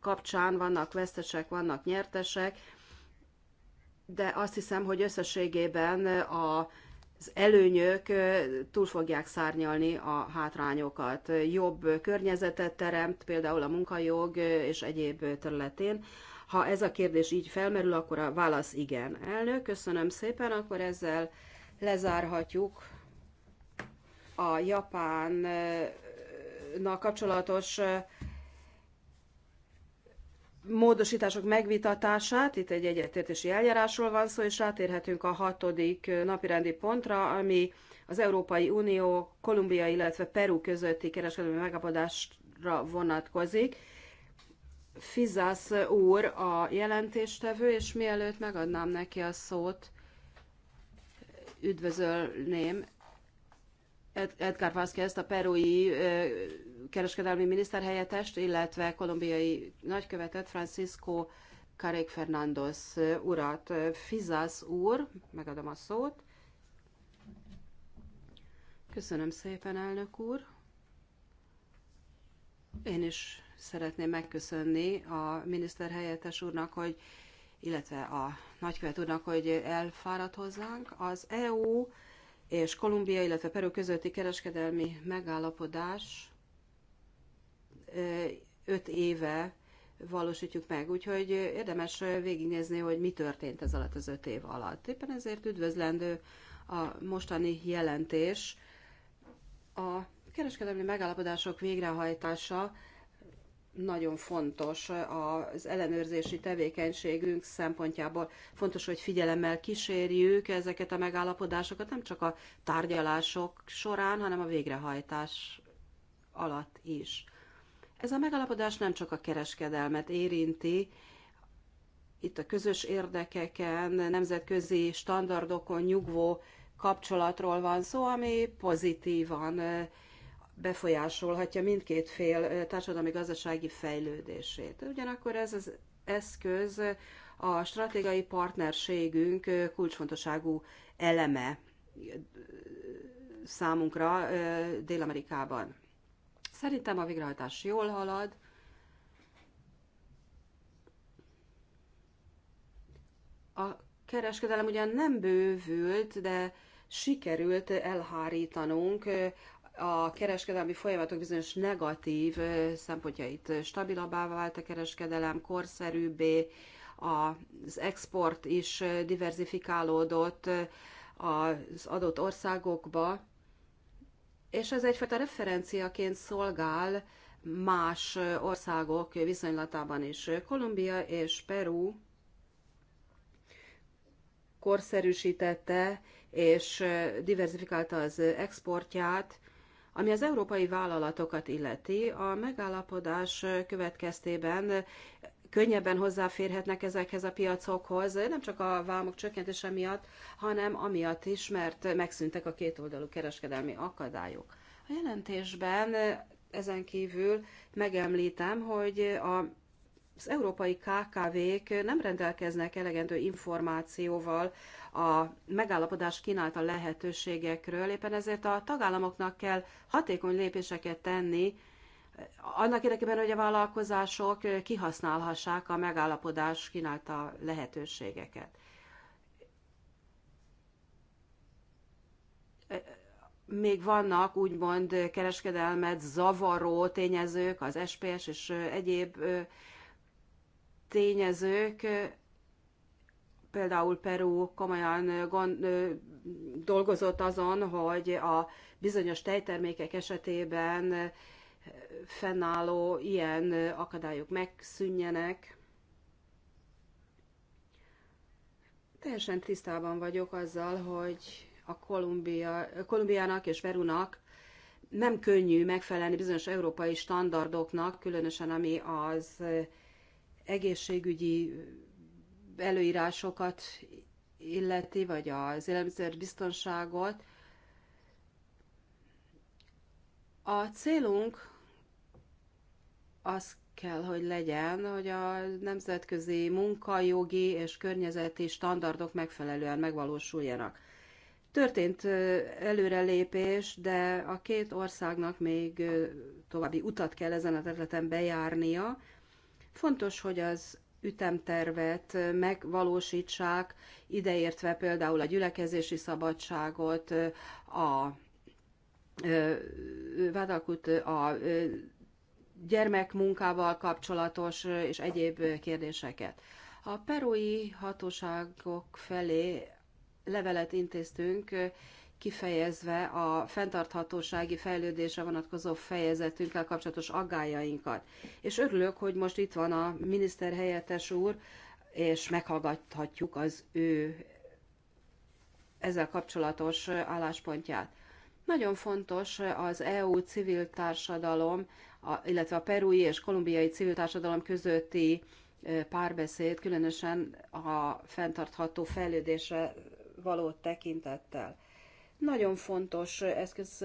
kapcsán vannak vesztesek, vannak nyertesek, de azt hiszem, hogy összességében a az előnyök túl fogják szárnyalni a hátrányokat. Jobb környezetet teremt, például a munkajog és egyéb területén. Ha ez a kérdés így felmerül, akkor a válasz igen. Elnök, köszönöm szépen, akkor ezzel lezárhatjuk a japán na kapcsolatos módosítások megvitatását, itt egy egyetértési eljárásról van szó, és rátérhetünk a hatodik napirendi pontra, ami az Európai Unió, Kolumbia, illetve Peru közötti kereskedelmi megállapodásra vonatkozik. Fizász úr a jelentéstevő, és mielőtt megadnám neki a szót, üdvözölném Edgar Vázquez, a perui kereskedelmi miniszterhelyettest, illetve kolumbiai nagykövetet Francisco Carreg Fernandez urat. Fizász úr, megadom a szót. Köszönöm szépen, elnök úr. Én is szeretném megköszönni a miniszterhelyettes úrnak, hogy, illetve a nagykövet úrnak, hogy elfáradt hozzánk. Az EU és Kolumbia, illetve Peru közötti kereskedelmi megállapodás öt éve valósítjuk meg, úgyhogy érdemes végignézni, hogy mi történt ez alatt az öt év alatt. Éppen ezért üdvözlendő a mostani jelentés. A kereskedelmi megállapodások végrehajtása nagyon fontos az ellenőrzési tevékenységünk szempontjából. Fontos, hogy figyelemmel kísérjük ezeket a megállapodásokat, nem csak a tárgyalások során, hanem a végrehajtás alatt is. Ez a megállapodás nem csak a kereskedelmet érinti, itt a közös érdekeken, nemzetközi standardokon nyugvó kapcsolatról van szó, ami pozitívan befolyásolhatja mindkét fél társadalmi-gazdasági fejlődését. Ugyanakkor ez az eszköz a stratégiai partnerségünk kulcsfontosságú eleme számunkra Dél-Amerikában. Szerintem a végrehajtás jól halad, a kereskedelem ugyan nem bővült, de sikerült elhárítanunk a kereskedelmi folyamatok bizonyos negatív szempontjait stabilabbá vált a kereskedelem, korszerűbbé, az export is diversifikálódott az adott országokba, és ez egyfajta referenciaként szolgál más országok viszonylatában is. Kolumbia és Peru korszerűsítette és diversifikálta az exportját, ami az európai vállalatokat illeti, a megállapodás következtében könnyebben hozzáférhetnek ezekhez a piacokhoz, nem csak a vámok csökkentése miatt, hanem amiatt is, mert megszűntek a kétoldalú kereskedelmi akadályok. A jelentésben ezen kívül megemlítem, hogy a az európai KKV-k nem rendelkeznek elegendő információval a megállapodás kínálta lehetőségekről, éppen ezért a tagállamoknak kell hatékony lépéseket tenni, annak érdekében, hogy a vállalkozások kihasználhassák a megállapodás kínálta lehetőségeket. Még vannak úgymond kereskedelmet zavaró tényezők, az SPS és egyéb tényezők, például Peru komolyan gond, dolgozott azon, hogy a bizonyos tejtermékek esetében fennálló ilyen akadályok megszűnjenek. Teljesen tisztában vagyok azzal, hogy a Kolumbia, Kolumbiának és Perunak nem könnyű megfelelni bizonyos európai standardoknak, különösen ami az egészségügyi előírásokat illeti, vagy az élelmiszerbiztonságot. A célunk az kell, hogy legyen, hogy a nemzetközi munkajogi és környezeti standardok megfelelően megvalósuljanak. Történt előrelépés, de a két országnak még további utat kell ezen a területen bejárnia, Fontos, hogy az ütemtervet megvalósítsák, ideértve például a gyülekezési szabadságot, a vádalkut a gyermekmunkával kapcsolatos és egyéb kérdéseket. A perui hatóságok felé levelet intéztünk, kifejezve a fenntarthatósági fejlődésre vonatkozó fejezetünkkel kapcsolatos aggájainkat. És örülök, hogy most itt van a miniszter helyettes úr, és meghallgathatjuk az ő ezzel kapcsolatos álláspontját. Nagyon fontos az EU civil társadalom, illetve a perui és kolumbiai civil társadalom közötti párbeszéd, különösen a fenntartható fejlődésre való tekintettel. Nagyon fontos eszköz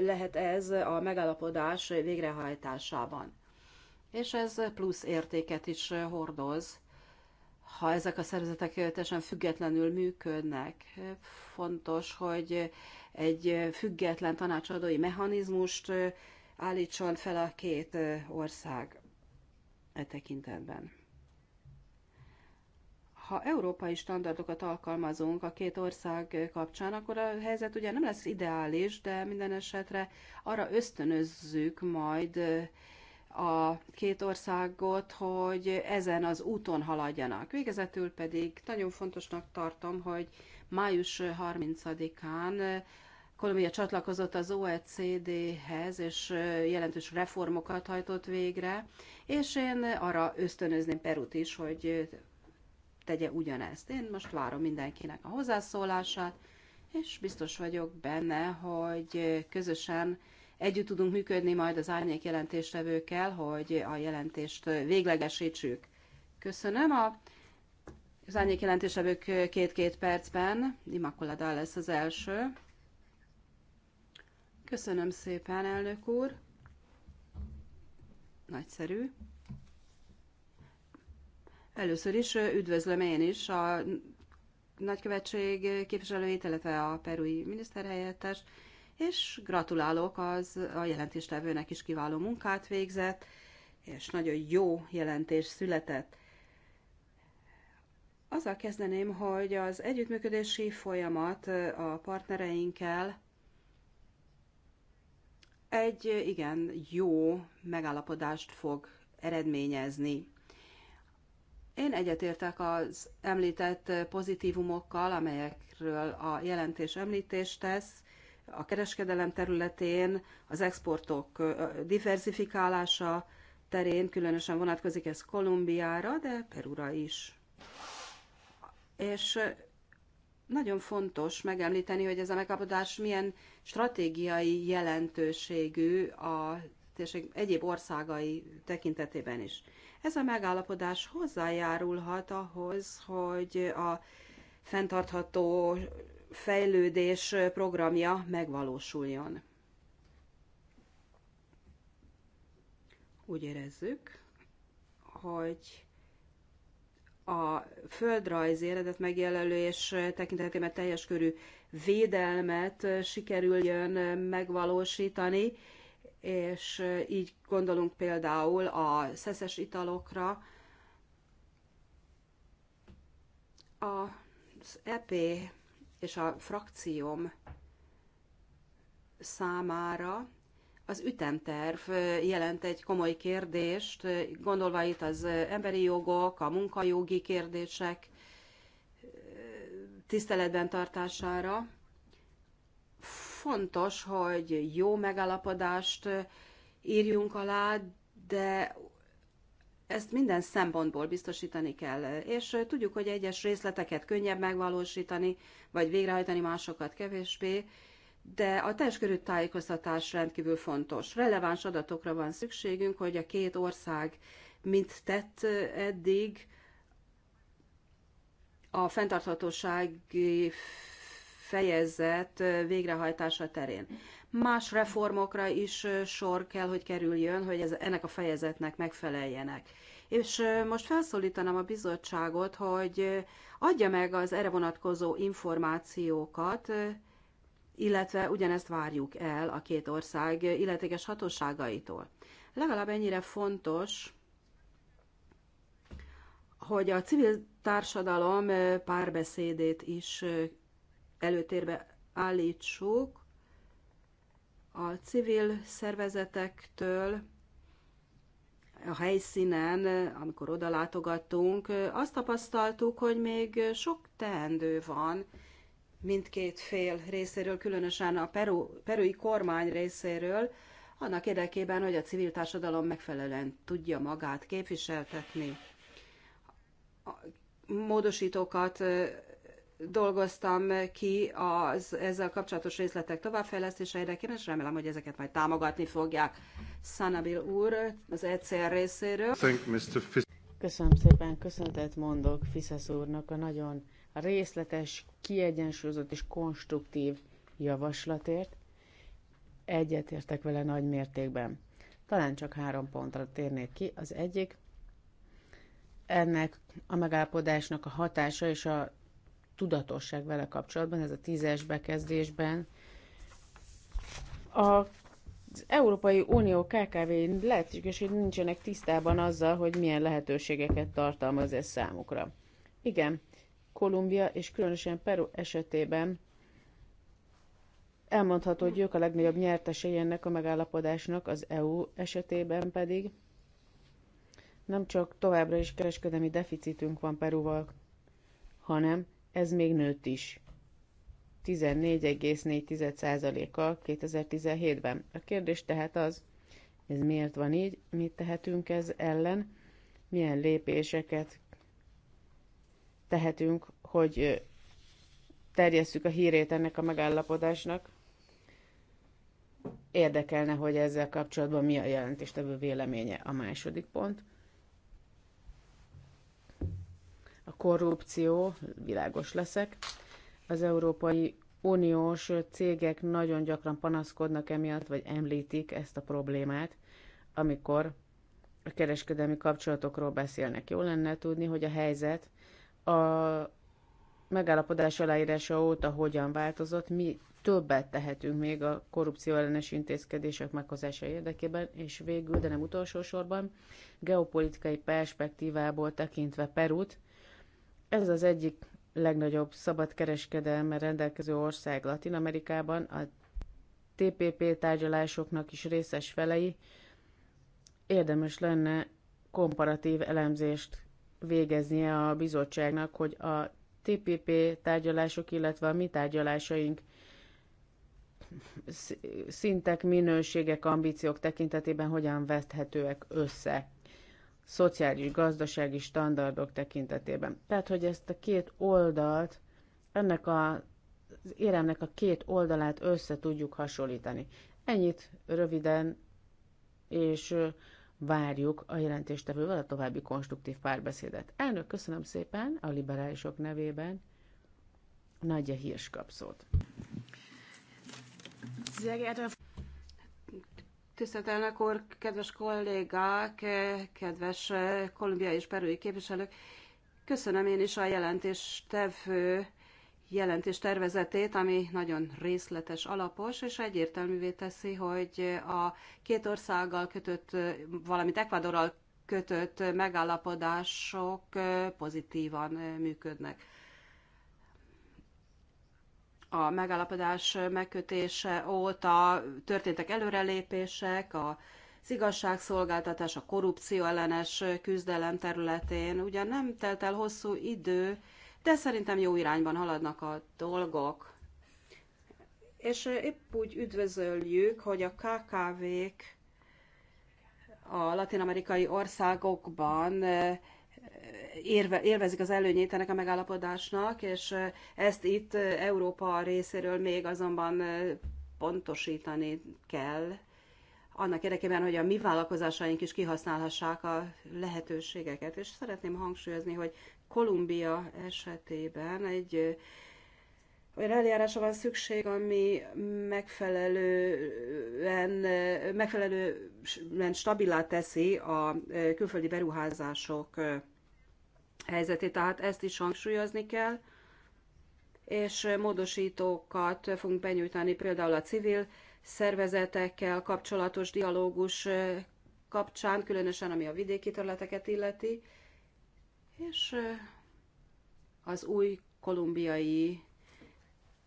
lehet ez a megállapodás végrehajtásában. És ez plusz értéket is hordoz, ha ezek a szervezetek teljesen függetlenül működnek. Fontos, hogy egy független tanácsadói mechanizmust állítson fel a két ország e tekintetben ha európai standardokat alkalmazunk a két ország kapcsán, akkor a helyzet ugye nem lesz ideális, de minden esetre arra ösztönözzük majd a két országot, hogy ezen az úton haladjanak. Végezetül pedig nagyon fontosnak tartom, hogy május 30-án Kolumbia csatlakozott az OECD-hez, és jelentős reformokat hajtott végre, és én arra ösztönözném Perut is, hogy tegye ugyanezt. Én most várom mindenkinek a hozzászólását, és biztos vagyok benne, hogy közösen együtt tudunk működni majd az árnyék jelentéstevőkkel, hogy a jelentést véglegesítsük. Köszönöm. A, az árnyék jelentéstevők két-két percben. Imakulada lesz az első. Köszönöm szépen, elnök úr. Nagyszerű. Először is üdvözlöm én is a nagykövetség képviselőjét, illetve a perui miniszterhelyettes, és gratulálok az a jelentéstevőnek is kiváló munkát végzett, és nagyon jó jelentés született. Azzal kezdeném, hogy az együttműködési folyamat a partnereinkkel egy igen jó megállapodást fog eredményezni. Én egyetértek az említett pozitívumokkal, amelyekről a jelentés említést tesz, a kereskedelem területén, az exportok diversifikálása terén, különösen vonatkozik ez Kolumbiára, de Perura is. És nagyon fontos megemlíteni, hogy ez a megállapodás milyen stratégiai jelentőségű a térség egyéb országai tekintetében is. Ez a megállapodás hozzájárulhat ahhoz, hogy a fenntartható fejlődés programja megvalósuljon. Úgy érezzük, hogy a földrajzi eredet megjelölés tekintetében teljes körű védelmet sikerüljön megvalósítani, és így gondolunk például a szeszes italokra. Az EP és a frakcióm számára az ütemterv jelent egy komoly kérdést, gondolva itt az emberi jogok, a munkajogi kérdések tiszteletben tartására fontos, hogy jó megállapodást írjunk alá, de ezt minden szempontból biztosítani kell, és tudjuk, hogy egyes részleteket könnyebb megvalósítani, vagy végrehajtani másokat kevésbé, de a teljes körű tájékoztatás rendkívül fontos. Releváns adatokra van szükségünk, hogy a két ország mit tett eddig a fenntarthatósági fejezet végrehajtása terén. Más reformokra is sor kell, hogy kerüljön, hogy ez, ennek a fejezetnek megfeleljenek. És most felszólítanám a bizottságot, hogy adja meg az erre vonatkozó információkat, illetve ugyanezt várjuk el a két ország illetékes hatóságaitól. Legalább ennyire fontos, hogy a civil társadalom párbeszédét is előtérbe állítsuk a civil szervezetektől, a helyszínen, amikor oda látogattunk, azt tapasztaltuk, hogy még sok teendő van mindkét fél részéről, különösen a peru, perui kormány részéről, annak érdekében, hogy a civil társadalom megfelelően tudja magát képviseltetni. A módosítókat dolgoztam ki az ezzel kapcsolatos részletek továbbfejlesztése érdekében, és remélem, hogy ezeket majd támogatni fogják. Szanabil úr az ECR részéről. Köszönöm szépen, köszöntet mondok Fiszesz úrnak a nagyon részletes, kiegyensúlyozott és konstruktív javaslatért. Egyetértek vele nagy mértékben. Talán csak három pontra térnék ki. Az egyik, ennek a megállapodásnak a hatása és a tudatosság vele kapcsolatban, ez a tízes bekezdésben. A az Európai Unió KKV-n lehetséges, hogy nincsenek tisztában azzal, hogy milyen lehetőségeket tartalmaz ez számukra. Igen, Kolumbia és különösen Peru esetében elmondható, hogy ők a legnagyobb nyertesei ennek a megállapodásnak, az EU esetében pedig nem csak továbbra is kereskedelmi deficitünk van Peruval, hanem ez még nőtt is. 14,4%-kal 2017-ben. A kérdés tehát az, ez miért van így, mit tehetünk ez ellen, milyen lépéseket tehetünk, hogy terjesszük a hírét ennek a megállapodásnak. Érdekelne, hogy ezzel kapcsolatban mi a jelentéstevő véleménye a második pont. a korrupció, világos leszek, az Európai Uniós cégek nagyon gyakran panaszkodnak emiatt, vagy említik ezt a problémát, amikor a kereskedelmi kapcsolatokról beszélnek. Jó lenne tudni, hogy a helyzet a megállapodás aláírása óta hogyan változott, mi többet tehetünk még a korrupció ellenes intézkedések meghozása érdekében, és végül, de nem utolsó sorban, geopolitikai perspektívából tekintve Perut, ez az egyik legnagyobb szabadkereskedelme rendelkező ország Latin Amerikában, a TPP tárgyalásoknak is részes felei. Érdemes lenne komparatív elemzést végeznie a bizottságnak, hogy a TPP tárgyalások, illetve a mi tárgyalásaink szintek, minőségek, ambíciók tekintetében hogyan vethetőek össze szociális, gazdasági standardok tekintetében. Tehát, hogy ezt a két oldalt, ennek a, az éremnek a két oldalát össze tudjuk hasonlítani. Ennyit röviden, és várjuk a jelentéstevővel a további konstruktív párbeszédet. Elnök, köszönöm szépen a liberálisok nevében. Nagyja a kap szót. Tisztelt elnök úr, kedves kollégák, kedves kolumbiai és perui képviselők, köszönöm én is a jelentéstevő jelentés tervezetét, ami nagyon részletes, alapos, és egyértelművé teszi, hogy a két országgal kötött, valamint Ekvadorral kötött megállapodások pozitívan működnek a megállapodás megkötése óta történtek előrelépések, a az igazságszolgáltatás, a korrupció ellenes küzdelem területén. Ugyan nem telt el hosszú idő, de szerintem jó irányban haladnak a dolgok. És épp úgy üdvözöljük, hogy a KKV-k a latinamerikai országokban érve, élvezik az előnyét ennek a megállapodásnak, és ezt itt Európa részéről még azonban pontosítani kell, annak érdekében, hogy a mi vállalkozásaink is kihasználhassák a lehetőségeket. És szeretném hangsúlyozni, hogy Kolumbia esetében egy olyan eljárásra van szükség, ami megfelelően, megfelelően stabilá teszi a külföldi beruházások helyzetét, tehát ezt is hangsúlyozni kell, és módosítókat fogunk benyújtani például a civil szervezetekkel kapcsolatos dialógus kapcsán, különösen ami a vidéki területeket illeti, és az új kolumbiai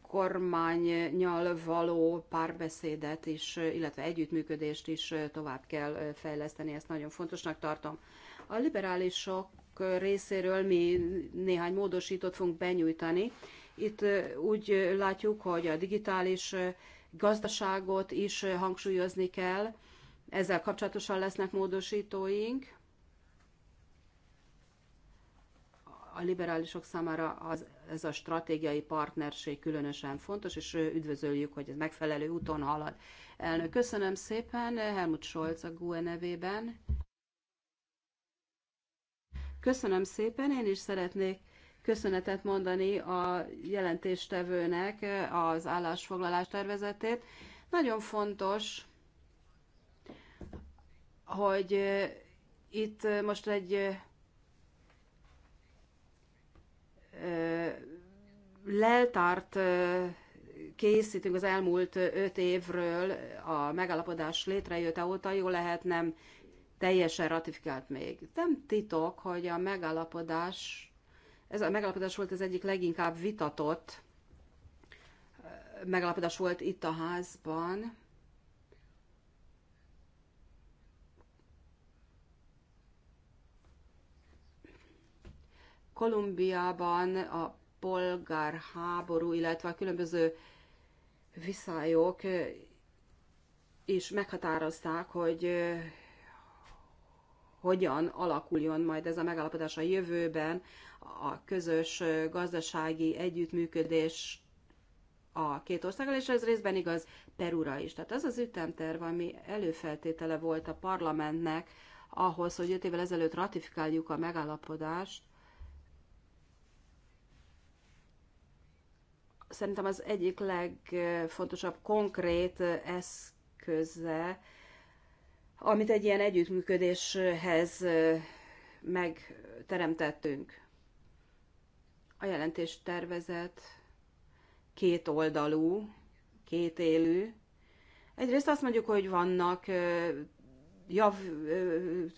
kormánynyal való párbeszédet is, illetve együttműködést is tovább kell fejleszteni, ezt nagyon fontosnak tartom. A liberálisok részéről mi néhány módosítót fogunk benyújtani. Itt úgy látjuk, hogy a digitális gazdaságot is hangsúlyozni kell, ezzel kapcsolatosan lesznek módosítóink. A liberálisok számára az, ez a stratégiai partnerség különösen fontos, és üdvözöljük, hogy ez megfelelő úton halad. Elnök, köszönöm szépen, Helmut Scholz a GUE nevében. Köszönöm szépen, én is szeretnék köszönetet mondani a jelentéstevőnek az állásfoglalás tervezetét. Nagyon fontos, hogy itt most egy leltárt készítünk az elmúlt öt évről a megállapodás létrejötte óta, jó lehet nem teljesen ratifikált még. Nem titok, hogy a megállapodás, ez a megállapodás volt az egyik leginkább vitatott eh, megállapodás volt itt a házban. Kolumbiában a polgárháború, illetve a különböző viszályok eh, is meghatározták, hogy eh, hogyan alakuljon majd ez a megállapodás a jövőben, a közös gazdasági együttműködés a két országgal, és ez részben igaz Perúra is. Tehát az az ütemterv, ami előfeltétele volt a parlamentnek ahhoz, hogy öt évvel ezelőtt ratifikáljuk a megállapodást, szerintem az egyik legfontosabb konkrét eszköze amit egy ilyen együttműködéshez megteremtettünk. A jelentés tervezet két oldalú, két élő. Egyrészt azt mondjuk, hogy vannak jav,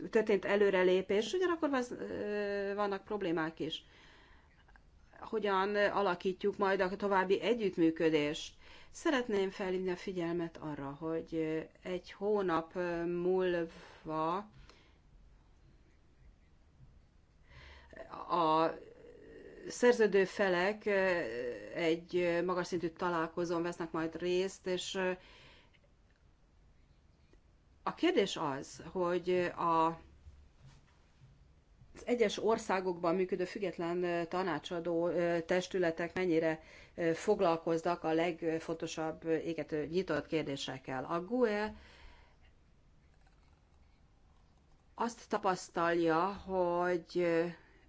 történt előrelépés, ugyanakkor vannak problémák is. Hogyan alakítjuk majd a további együttműködést? Szeretném felhívni a figyelmet arra, hogy egy hónap múlva a szerződő felek egy magas szintű találkozón vesznek majd részt, és a kérdés az, hogy a egyes országokban működő független tanácsadó testületek mennyire foglalkoznak a legfontosabb égető nyitott kérdésekkel. A GUE azt tapasztalja, hogy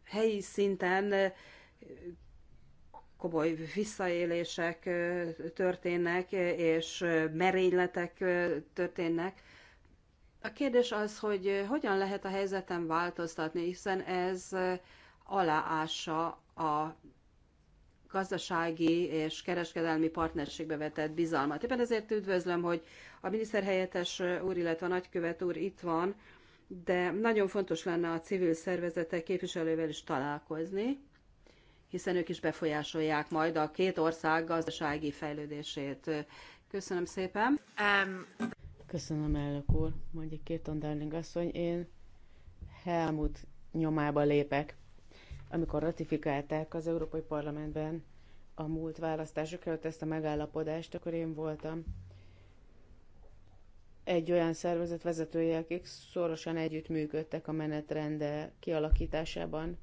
helyi szinten komoly visszaélések történnek, és merényletek történnek, a kérdés az, hogy hogyan lehet a helyzetem változtatni, hiszen ez aláássa a gazdasági és kereskedelmi partnerségbe vetett bizalmat. Éppen ezért üdvözlöm, hogy a miniszterhelyettes úr, illetve a nagykövet úr itt van, de nagyon fontos lenne a civil szervezetek képviselővel is találkozni, hiszen ők is befolyásolják majd a két ország gazdasági fejlődését. Köszönöm szépen. Um. Köszönöm, elnök úr, mondja Kéton Darling asszony. Én Helmut nyomába lépek. Amikor ratifikálták az Európai Parlamentben a múlt választások előtt ezt a megállapodást, akkor én voltam egy olyan szervezet vezetője, akik szorosan együttműködtek a menetrende kialakításában,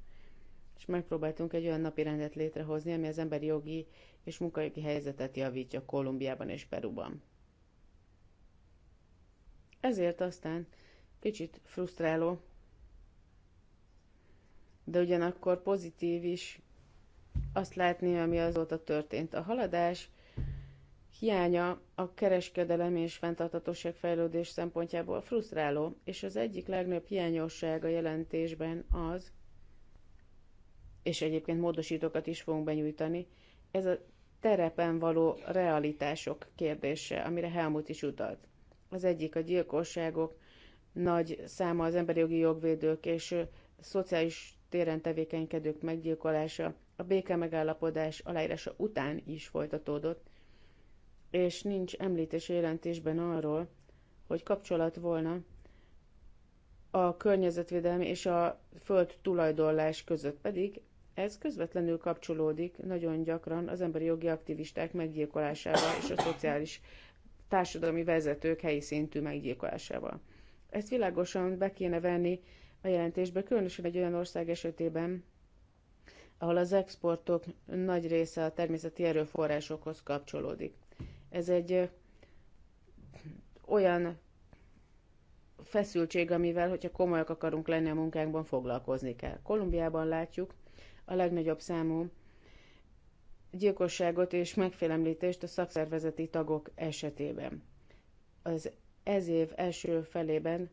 és megpróbáltunk egy olyan napi rendet létrehozni, ami az emberi jogi és munkajogi helyzetet javítja Kolumbiában és Peruban. Ezért aztán kicsit frusztráló, de ugyanakkor pozitív is azt látni, ami azóta történt. A haladás hiánya a kereskedelem és fenntartatóság fejlődés szempontjából frusztráló, és az egyik legnagyobb hiányosság a jelentésben az, és egyébként módosítókat is fogunk benyújtani, ez a terepen való realitások kérdése, amire Helmut is utalt. Az egyik a gyilkosságok nagy száma az emberi jogi jogvédők és szociális téren tevékenykedők meggyilkolása a béke megállapodás aláírása után is folytatódott, és nincs említés jelentésben arról, hogy kapcsolat volna a környezetvédelmi és a föld tulajdonlás között pedig ez közvetlenül kapcsolódik nagyon gyakran az emberi jogi aktivisták meggyilkolásával és a szociális társadalmi vezetők helyi szintű meggyilkolásával. Ezt világosan be kéne venni a jelentésbe, különösen egy olyan ország esetében, ahol az exportok nagy része a természeti erőforrásokhoz kapcsolódik. Ez egy olyan feszültség, amivel, hogyha komolyak akarunk lenni a munkánkban, foglalkozni kell. Kolumbiában látjuk a legnagyobb számú gyilkosságot és megfélemlítést a szakszervezeti tagok esetében. Az ez év első felében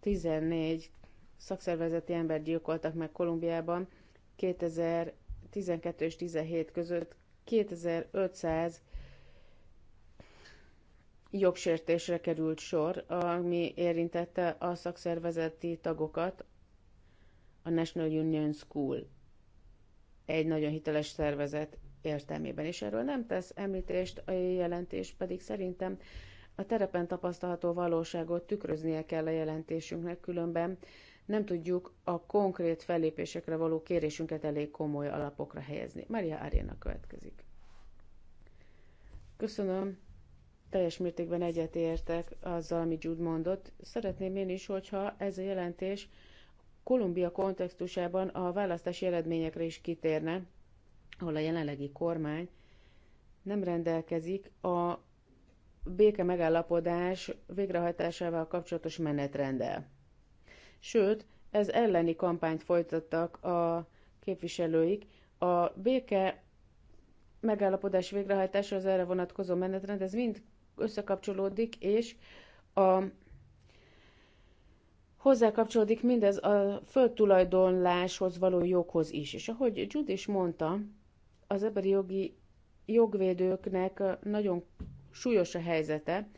14 szakszervezeti embert gyilkoltak meg Kolumbiában, 2012 és 17 között 2500 jogsértésre került sor, ami érintette a szakszervezeti tagokat, a National Union School, egy nagyon hiteles szervezet értelmében, és erről nem tesz említést a jelentés, pedig szerintem a terepen tapasztalható valóságot tükröznie kell a jelentésünknek, különben nem tudjuk a konkrét fellépésekre való kérésünket elég komoly alapokra helyezni. Maria Arena következik. Köszönöm, teljes mértékben egyetértek azzal, amit Jude mondott. Szeretném én is, hogyha ez a jelentés Kolumbia kontextusában a választási eredményekre is kitérne, ahol a jelenlegi kormány nem rendelkezik a béke megállapodás végrehajtásával kapcsolatos menetrenddel. Sőt, ez elleni kampányt folytattak a képviselőik. A béke megállapodás végrehajtása az erre vonatkozó menetrend, ez mind összekapcsolódik, és a Hozzá kapcsolódik mindez a földtulajdonláshoz való joghoz is. És ahogy Judy is mondta, az emberi jogi jogvédőknek nagyon súlyos a helyzete,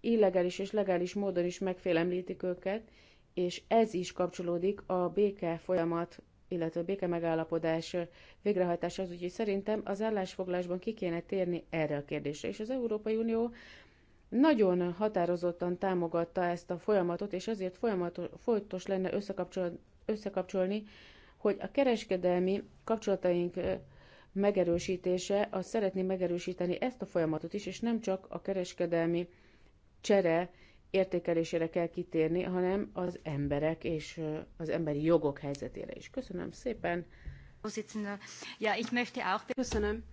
illegális és legális módon is megfélemlítik őket, és ez is kapcsolódik a béke folyamat, illetve a béke megállapodás végrehajtásához, úgyhogy szerintem az állásfoglásban ki kéne térni erre a kérdésre. És az Európai Unió nagyon határozottan támogatta ezt a folyamatot, és azért folyamatos, folytos lenne összekapcsolni, hogy a kereskedelmi kapcsolataink megerősítése az szeretné megerősíteni ezt a folyamatot is, és nem csak a kereskedelmi csere értékelésére kell kitérni, hanem az emberek és az emberi jogok helyzetére is. Köszönöm szépen! Köszönöm.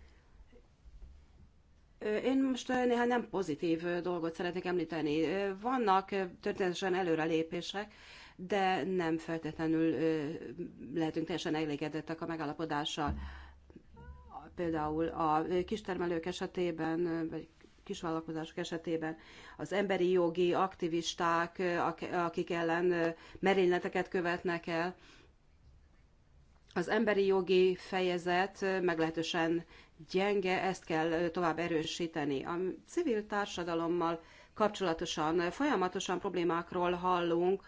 Én most néha nem pozitív dolgot szeretnék említeni. Vannak történetesen előrelépések, de nem feltétlenül lehetünk teljesen elégedettek a megállapodással például a kistermelők esetében, vagy kisvállalkozások esetében az emberi jogi aktivisták, akik ellen merényleteket követnek el. Az emberi jogi fejezet meglehetősen gyenge, ezt kell tovább erősíteni. A civil társadalommal kapcsolatosan folyamatosan problémákról hallunk,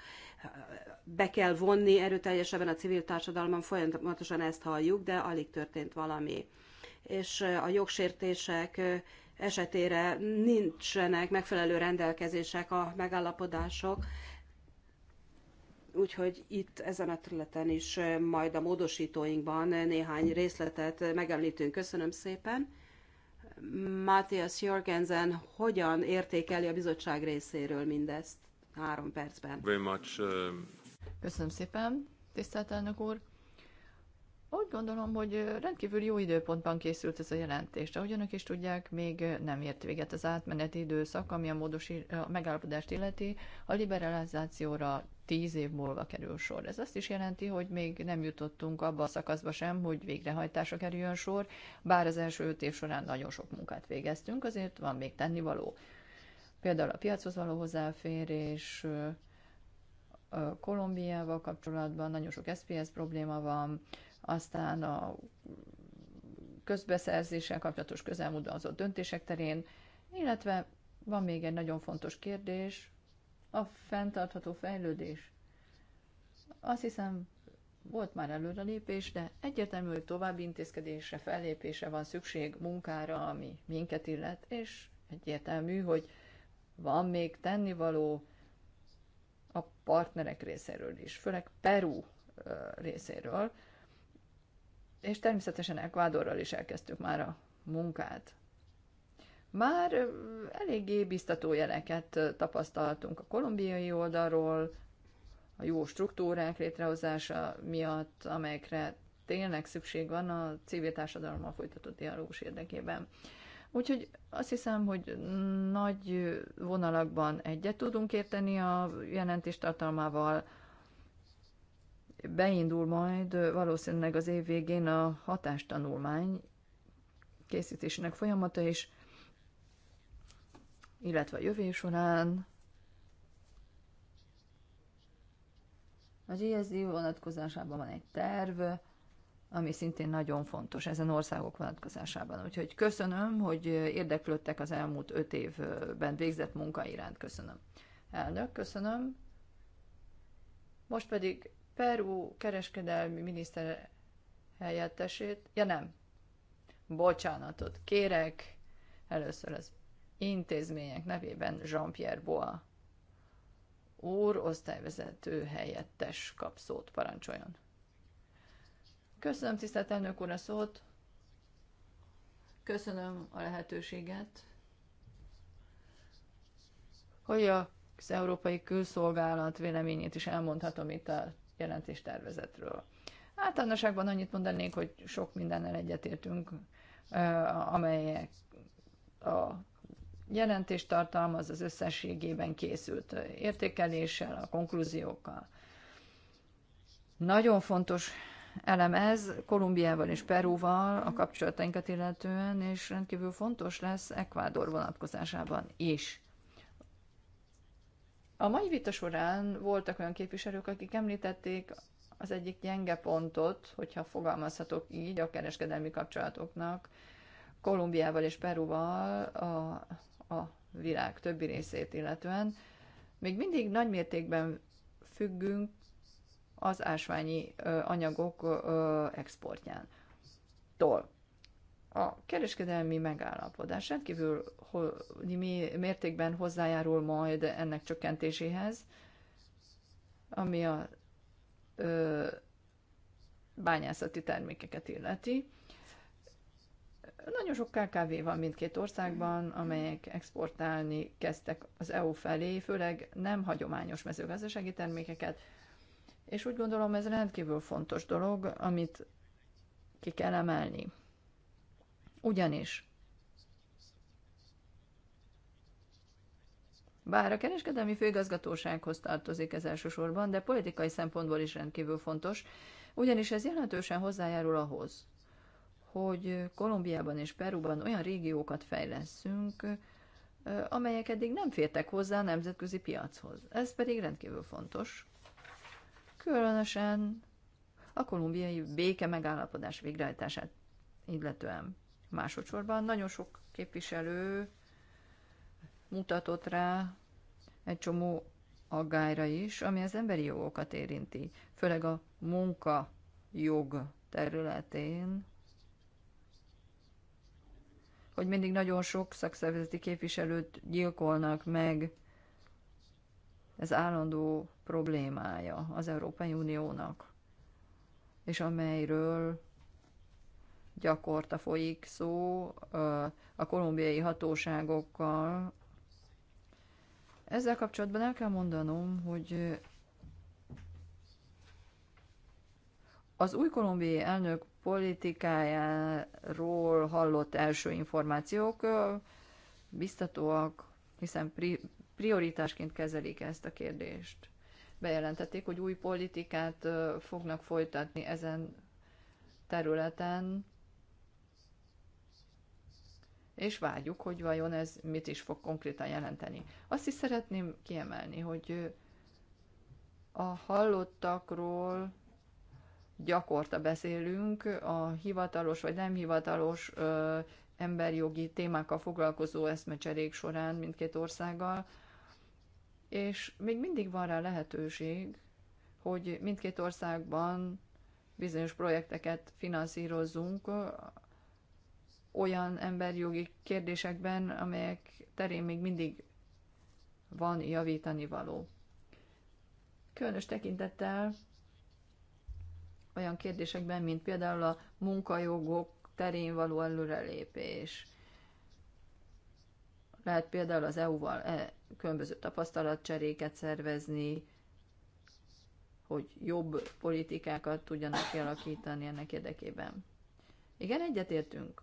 be kell vonni erőteljesebben a civil társadalmon, folyamatosan ezt halljuk, de alig történt valami és a jogsértések esetére nincsenek megfelelő rendelkezések a megállapodások, úgyhogy itt ezen a területen is majd a módosítóinkban néhány részletet megemlítünk. Köszönöm szépen. Matthias Jorgensen hogyan értékeli a bizottság részéről mindezt? Három percben. Very much, Köszönöm szépen, tisztelt elnök úr. Úgy gondolom, hogy rendkívül jó időpontban készült ez a jelentés. Ahogy önök is tudják, még nem ért véget az átmeneti időszak, ami a, módosi, a megállapodást illeti. A liberalizációra tíz év múlva kerül sor. Ez azt is jelenti, hogy még nem jutottunk abba a szakaszba sem, hogy végrehajtásra kerüljön sor, bár az első öt év során nagyon sok munkát végeztünk, azért van még tennivaló. Például a piachoz való hozzáférés, Kolumbiával kapcsolatban nagyon sok SPS probléma van, aztán a közbeszerzéssel kapcsolatos közelmúltban hozott döntések terén, illetve van még egy nagyon fontos kérdés, a fenntartható fejlődés. Azt hiszem, volt már előrelépés, de egyértelmű, hogy további intézkedésre, fellépése van szükség munkára, ami minket illet, és egyértelmű, hogy van még tennivaló a partnerek részéről is, főleg Peru részéről, és természetesen Ekvádorral is elkezdtük már a munkát. Már eléggé biztató jeleket tapasztaltunk a kolumbiai oldalról, a jó struktúrák létrehozása miatt, amelyekre tényleg szükség van a civil társadalommal folytatott dialógus érdekében. Úgyhogy azt hiszem, hogy nagy vonalakban egyet tudunk érteni a jelentés tartalmával, beindul majd valószínűleg az év végén a hatástanulmány készítésének folyamata is, illetve a jövő során az GSD vonatkozásában van egy terv, ami szintén nagyon fontos ezen országok vonatkozásában. Úgyhogy köszönöm, hogy érdeklődtek az elmúlt öt évben végzett munka iránt. Köszönöm. Elnök, köszönöm. Most pedig Peru kereskedelmi miniszter helyettesét, ja nem, bocsánatot kérek, először az intézmények nevében Jean-Pierre Boa úr osztályvezető helyettes kap szót, parancsoljon. Köszönöm, tisztelt elnök úr, a szót. Köszönöm a lehetőséget, hogy az Európai Külszolgálat véleményét is elmondhatom itt a jelentéstervezetről. Általánosságban annyit mondanék, hogy sok mindennel egyetértünk, amelyek a jelentés tartalmaz az összességében készült értékeléssel, a konklúziókkal. Nagyon fontos elem ez Kolumbiával és Perúval a kapcsolatainkat illetően, és rendkívül fontos lesz Ekvádor vonatkozásában is. A mai vita során voltak olyan képviselők, akik említették az egyik gyenge pontot, hogyha fogalmazhatok így, a kereskedelmi kapcsolatoknak Kolumbiával és Peruval a, a világ többi részét illetően. Még mindig nagy mértékben függünk az ásványi anyagok exportján. Tól. A kereskedelmi megállapodás rendkívül mértékben hozzájárul majd ennek csökkentéséhez, ami a ö, bányászati termékeket illeti. Nagyon sok KKV van mindkét országban, amelyek exportálni kezdtek az EU felé, főleg nem hagyományos mezőgazdasági termékeket, és úgy gondolom ez rendkívül fontos dolog, amit ki kell emelni. Ugyanis Bár a kereskedelmi főigazgatósághoz tartozik ez elsősorban, de politikai szempontból is rendkívül fontos, ugyanis ez jelentősen hozzájárul ahhoz, hogy Kolumbiában és Peruban olyan régiókat fejleszünk, amelyek eddig nem fértek hozzá a nemzetközi piachoz. Ez pedig rendkívül fontos. Különösen a kolumbiai béke megállapodás végrehajtását illetően. Másodszorban nagyon sok képviselő mutatott rá egy csomó aggályra is, ami az emberi jogokat érinti, főleg a munka jog területén, hogy mindig nagyon sok szakszervezeti képviselőt gyilkolnak meg, ez állandó problémája az Európai Uniónak, és amelyről gyakorta folyik szó a kolumbiai hatóságokkal. Ezzel kapcsolatban el kell mondanom, hogy az új kolumbiai elnök politikájáról hallott első információk biztatóak, hiszen pri- prioritásként kezelik ezt a kérdést. Bejelentették, hogy új politikát fognak folytatni ezen területen, és várjuk, hogy vajon ez mit is fog konkrétan jelenteni. Azt is szeretném kiemelni, hogy a hallottakról gyakorta beszélünk, a hivatalos vagy nem hivatalos ö, emberjogi témákkal foglalkozó eszmecserék során mindkét országgal, és még mindig van rá lehetőség, hogy mindkét országban bizonyos projekteket finanszírozzunk olyan emberjogi kérdésekben, amelyek terén még mindig van javítani való. Különös tekintettel olyan kérdésekben, mint például a munkajogok terén való előrelépés. Lehet például az EU-val e, különböző tapasztalatcseréket szervezni, hogy jobb politikákat tudjanak kialakítani ennek érdekében. Igen, egyetértünk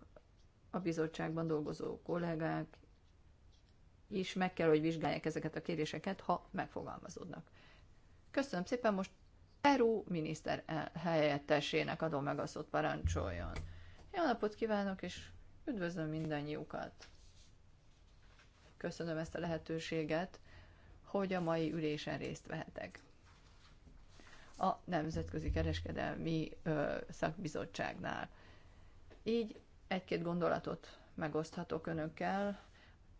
a bizottságban dolgozó kollégák is meg kell, hogy vizsgálják ezeket a kérdéseket, ha megfogalmazódnak. Köszönöm szépen, most Peru miniszter e- helyettesének adom meg a szót, parancsoljon. Jó napot kívánok, és üdvözlöm mindannyiukat. Köszönöm ezt a lehetőséget, hogy a mai ülésen részt vehetek. A Nemzetközi Kereskedelmi Szakbizottságnál. Így egy-két gondolatot megoszthatok önökkel.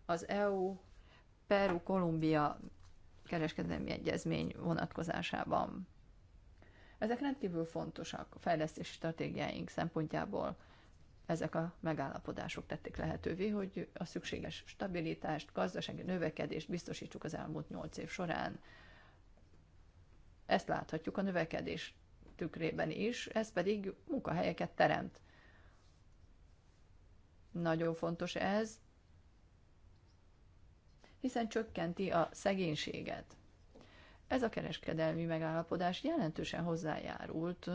Az EU Peru-Kolumbia kereskedelmi egyezmény vonatkozásában. Ezek rendkívül fontosak a fejlesztési stratégiáink szempontjából. Ezek a megállapodások tették lehetővé, hogy a szükséges stabilitást, gazdasági növekedést biztosítsuk az elmúlt nyolc év során. Ezt láthatjuk a növekedés tükrében is, ez pedig munkahelyeket teremt. Nagyon fontos ez, hiszen csökkenti a szegénységet. Ez a kereskedelmi megállapodás jelentősen hozzájárult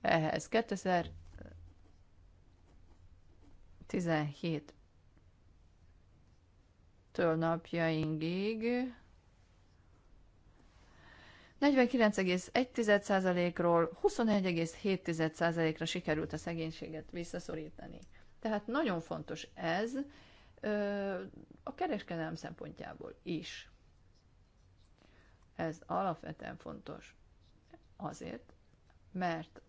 ehhez. 2017 től napjainkig 49,1%-ról 21,7%-ra sikerült a szegénységet visszaszorítani. Tehát nagyon fontos ez a kereskedelem szempontjából is. Ez alapvetően fontos azért, mert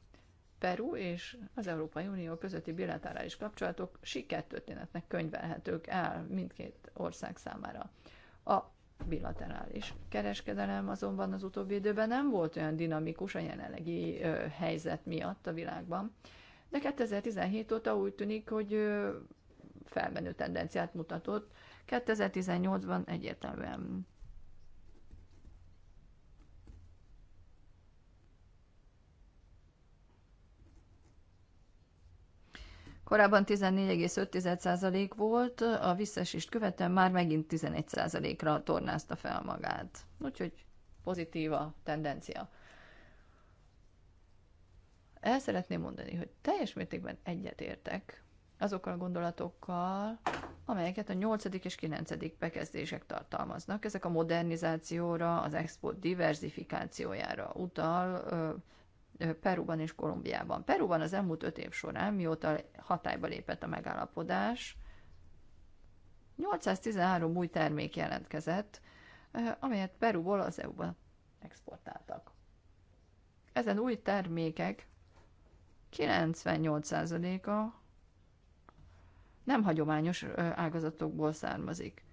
Peru és az Európai Unió közötti bilaterális kapcsolatok sikertörténetnek könyvelhetők el mindkét ország számára. A bilaterális kereskedelem azonban az utóbbi időben nem volt olyan dinamikus a jelenlegi helyzet miatt a világban, de 2017 óta úgy tűnik, hogy felmenő tendenciát mutatott. 2018-ban egyértelműen Korábban 14,5% volt, a visszaesést követően már megint 11%-ra tornázta fel magát. Úgyhogy pozitív a tendencia. El szeretném mondani, hogy teljes mértékben egyetértek azokkal a gondolatokkal, amelyeket a 8. és 9. bekezdések tartalmaznak. Ezek a modernizációra, az export diversifikációjára utal, Perúban és Kolumbiában. Perúban az elmúlt öt év során, mióta hatályba lépett a megállapodás, 813 új termék jelentkezett, amelyet Perúból az EU-ba exportáltak. Ezen új termékek 98%-a nem hagyományos ágazatokból származik.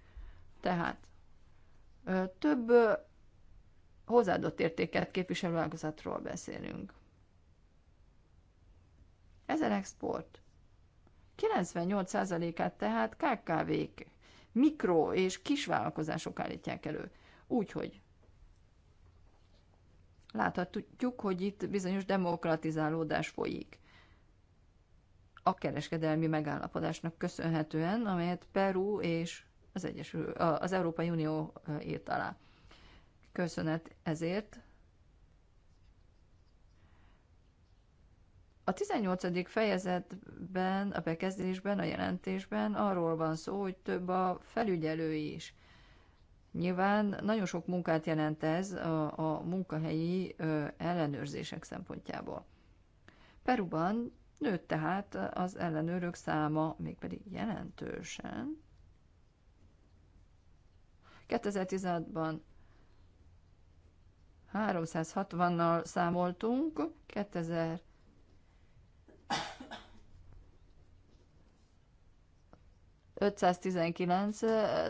Tehát több hozzáadott értéket képviselő ágazatról beszélünk. Ezen export 98%-át tehát KKV-k, mikro- és kisvállalkozások állítják elő. Úgyhogy láthatjuk, hogy itt bizonyos demokratizálódás folyik a kereskedelmi megállapodásnak köszönhetően, amelyet Peru és az, Egyesül, az Európai Unió írt alá. Köszönet ezért. A 18. fejezetben, a bekezdésben, a jelentésben arról van szó, hogy több a felügyelő is. Nyilván nagyon sok munkát jelent ez a, a munkahelyi ö, ellenőrzések szempontjából. Peruban nőtt tehát az ellenőrök száma, mégpedig jelentősen. 2016-ban 360-nal számoltunk 2000 519,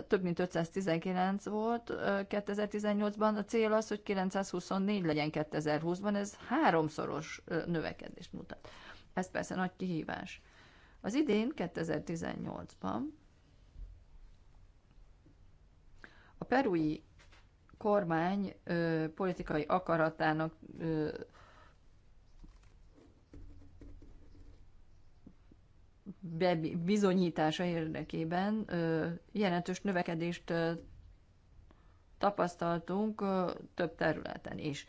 több mint 519 volt 2018-ban, a cél az, hogy 924 legyen 2020-ban, ez háromszoros növekedést mutat. Ez persze nagy kihívás. Az idén, 2018-ban a perui kormány ö, politikai akaratának ö, be, bizonyítása érdekében ö, jelentős növekedést ö, tapasztaltunk ö, több területen is.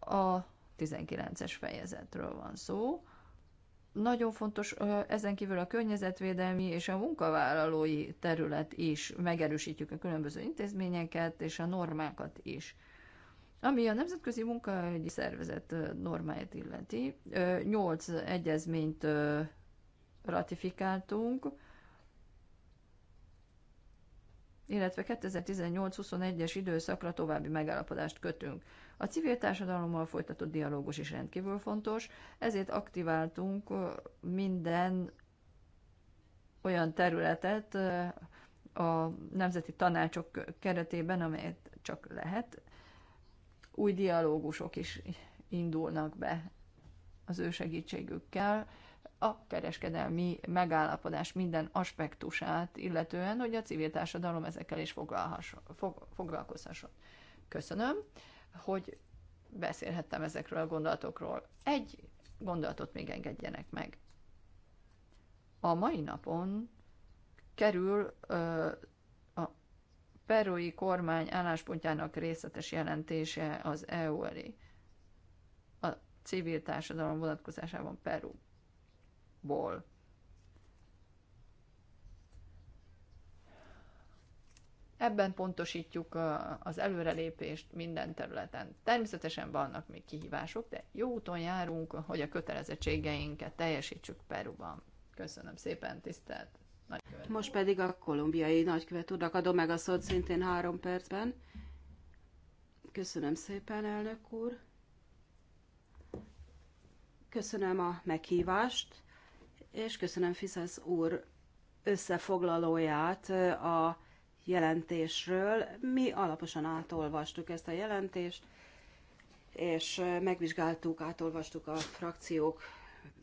A 19-es fejezetről van szó. Ö, nagyon fontos ezen kívül a környezetvédelmi és a munkavállalói terület is. Megerősítjük a különböző intézményeket és a normákat is. Ami a Nemzetközi Munkahelyi Szervezet normáját illeti, nyolc egyezményt ratifikáltunk, illetve 2018-21-es időszakra további megállapodást kötünk. A civil társadalommal folytatott dialógus is rendkívül fontos, ezért aktiváltunk minden olyan területet a nemzeti tanácsok keretében, amelyet csak lehet. Új dialógusok is indulnak be az ő segítségükkel a kereskedelmi megállapodás minden aspektusát, illetően, hogy a civil társadalom ezekkel is foglalhasson, fog, foglalkozhasson. Köszönöm hogy beszélhettem ezekről a gondolatokról. Egy gondolatot még engedjenek meg. A mai napon kerül ö, a perui kormány álláspontjának részletes jelentése az EU elé a civil társadalom vonatkozásában Perúból. Ebben pontosítjuk az előrelépést minden területen. Természetesen vannak még kihívások, de jó úton járunk, hogy a kötelezettségeinket teljesítsük Peruban. Köszönöm szépen, tisztelt nagykövet. Most pedig a kolumbiai nagykövet úrnak adom meg a szót szintén három percben. Köszönöm szépen, elnök úr. Köszönöm a meghívást, és köszönöm Fiszesz úr összefoglalóját a jelentésről. Mi alaposan átolvastuk ezt a jelentést, és megvizsgáltuk, átolvastuk a frakciók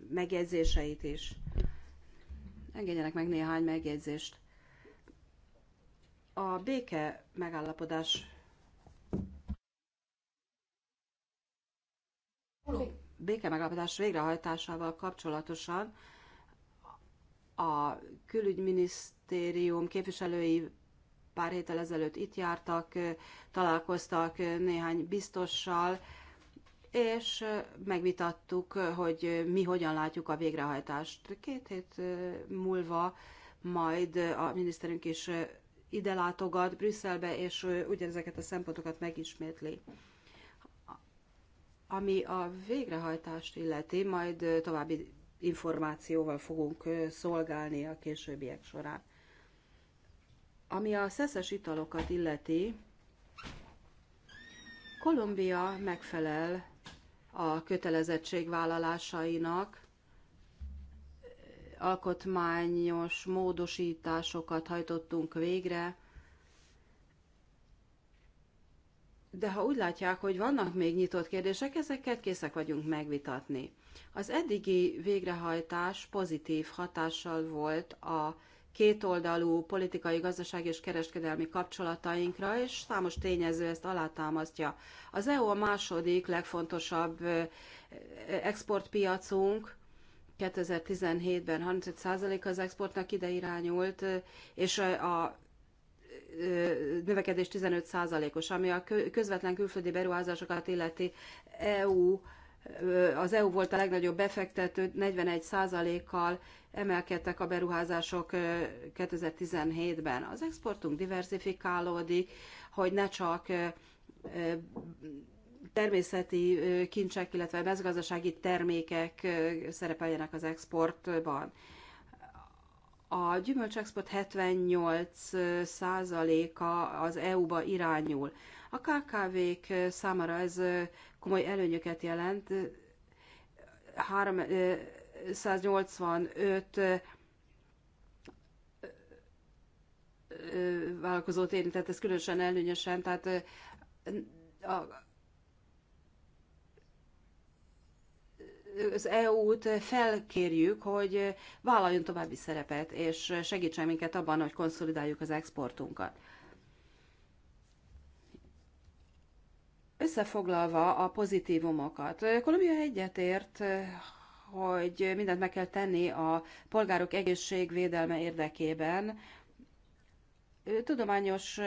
megjegyzéseit is. Engedjenek meg néhány megjegyzést. A béke megállapodás béke megállapodás végrehajtásával kapcsolatosan a külügyminisztérium képviselői pár héttel ezelőtt itt jártak, találkoztak néhány biztossal, és megvitattuk, hogy mi hogyan látjuk a végrehajtást. Két hét múlva majd a miniszterünk is ide látogat Brüsszelbe, és ugyanezeket a szempontokat megismétli. Ami a végrehajtást illeti, majd további információval fogunk szolgálni a későbbiek során. Ami a szeszes italokat illeti, Kolumbia megfelel a kötelezettségvállalásainak, alkotmányos módosításokat hajtottunk végre, de ha úgy látják, hogy vannak még nyitott kérdések, ezeket készek vagyunk megvitatni. Az eddigi végrehajtás pozitív hatással volt a kétoldalú politikai, gazdasági és kereskedelmi kapcsolatainkra, és számos tényező ezt alátámasztja. Az EU a második legfontosabb exportpiacunk, 2017-ben 35% az exportnak ide irányult, és a növekedés 15%-os, ami a közvetlen külföldi beruházásokat illeti EU, az EU volt a legnagyobb befektető 41%-kal, emelkedtek a beruházások 2017-ben. Az exportunk diversifikálódik, hogy ne csak természeti kincsek, illetve mezgazdasági termékek szerepeljenek az exportban. A gyümölcsexport 78%-a az EU-ba irányul. A KKV-k számára ez komoly előnyöket jelent. 185 vállalkozót érintett, ez különösen előnyösen, tehát a, az EU-t felkérjük, hogy vállaljon további szerepet, és segítsen minket abban, hogy konszolidáljuk az exportunkat. Összefoglalva a pozitívumokat, Kolumbia egyetért hogy mindent meg kell tenni a polgárok egészségvédelme érdekében. Tudományos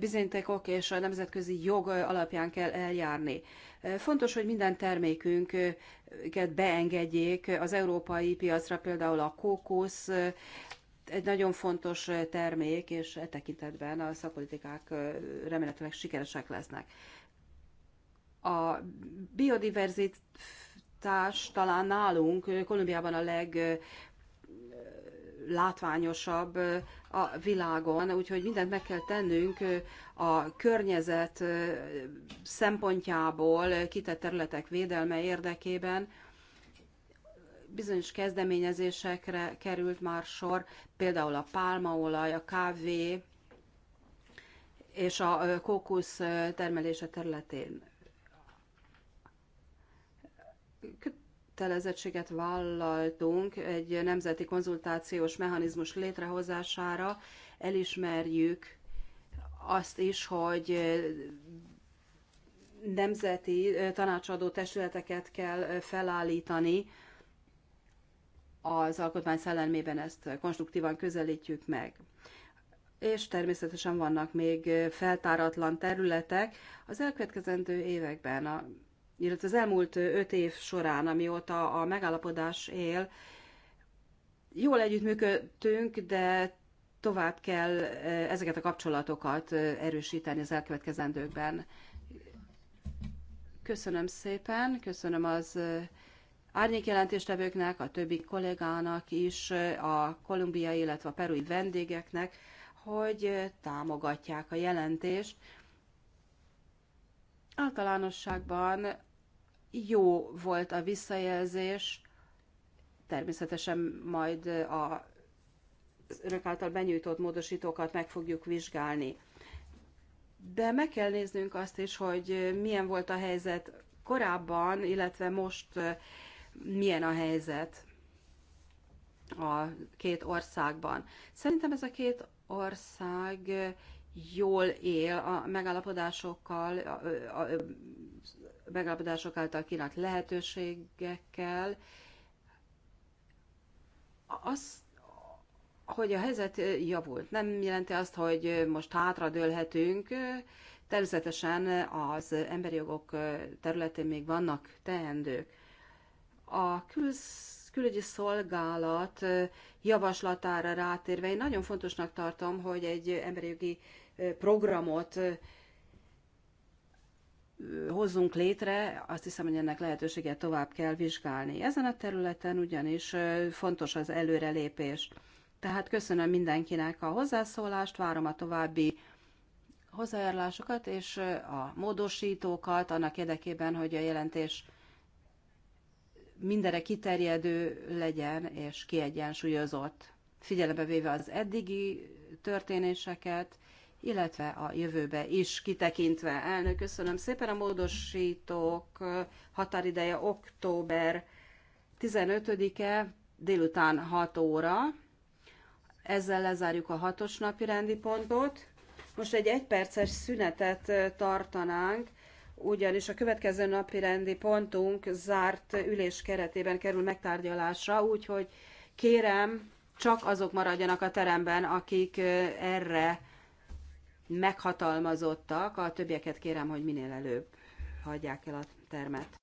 bizonyítékok és a nemzetközi jog alapján kell eljárni. Fontos, hogy minden termékünket beengedjék az európai piacra, például a kókusz, egy nagyon fontos termék, és e tekintetben a szakpolitikák remélhetőleg sikeresek lesznek. A biodiverzitás talán nálunk Kolumbiában a leg látványosabb a világon, úgyhogy mindent meg kell tennünk a környezet szempontjából kitett területek védelme érdekében. Bizonyos kezdeményezésekre került már sor, például a pálmaolaj, a kávé és a kókusz termelése területén kötelezettséget vállaltunk egy nemzeti konzultációs mechanizmus létrehozására, elismerjük azt is, hogy nemzeti tanácsadó testületeket kell felállítani, az alkotmány szellemében ezt konstruktívan közelítjük meg. És természetesen vannak még feltáratlan területek. Az elkövetkezendő években a illetve az elmúlt öt év során, amióta a megállapodás él, jól együttműködtünk, de tovább kell ezeket a kapcsolatokat erősíteni az elkövetkezendőkben. Köszönöm szépen, köszönöm az árnyékjelentéstevőknek, a többi kollégának is, a kolumbiai, illetve a perui vendégeknek, hogy támogatják a jelentést. Általánosságban jó volt a visszajelzés, természetesen majd a önök által benyújtott módosítókat meg fogjuk vizsgálni. De meg kell néznünk azt is, hogy milyen volt a helyzet korábban, illetve most eh, milyen a helyzet a két országban. Szerintem ez a két ország eh, jól él a megállapodásokkal, megállapodások által kínált lehetőségekkel. Az, hogy a helyzet javult, nem jelenti azt, hogy most hátradőlhetünk, Természetesen az emberi jogok területén még vannak teendők. A kül- külügyi szolgálat javaslatára rátérve én nagyon fontosnak tartom, hogy egy emberi jogi programot hozzunk létre, azt hiszem, hogy ennek lehetőséget tovább kell vizsgálni. Ezen a területen ugyanis fontos az előrelépés. Tehát köszönöm mindenkinek a hozzászólást, várom a további hozzájárulásokat és a módosítókat annak érdekében, hogy a jelentés mindenre kiterjedő legyen és kiegyensúlyozott. Figyelembe véve az eddigi történéseket, illetve a jövőbe is kitekintve. Elnök, köszönöm szépen a módosítók határideje október 15-e délután 6 óra. Ezzel lezárjuk a hatos napi rendi pontot. Most egy egyperces szünetet tartanánk, ugyanis a következő napi rendi pontunk zárt ülés keretében kerül megtárgyalásra, úgyhogy kérem, csak azok maradjanak a teremben, akik erre meghatalmazottak, a többieket kérem, hogy minél előbb hagyják el a termet.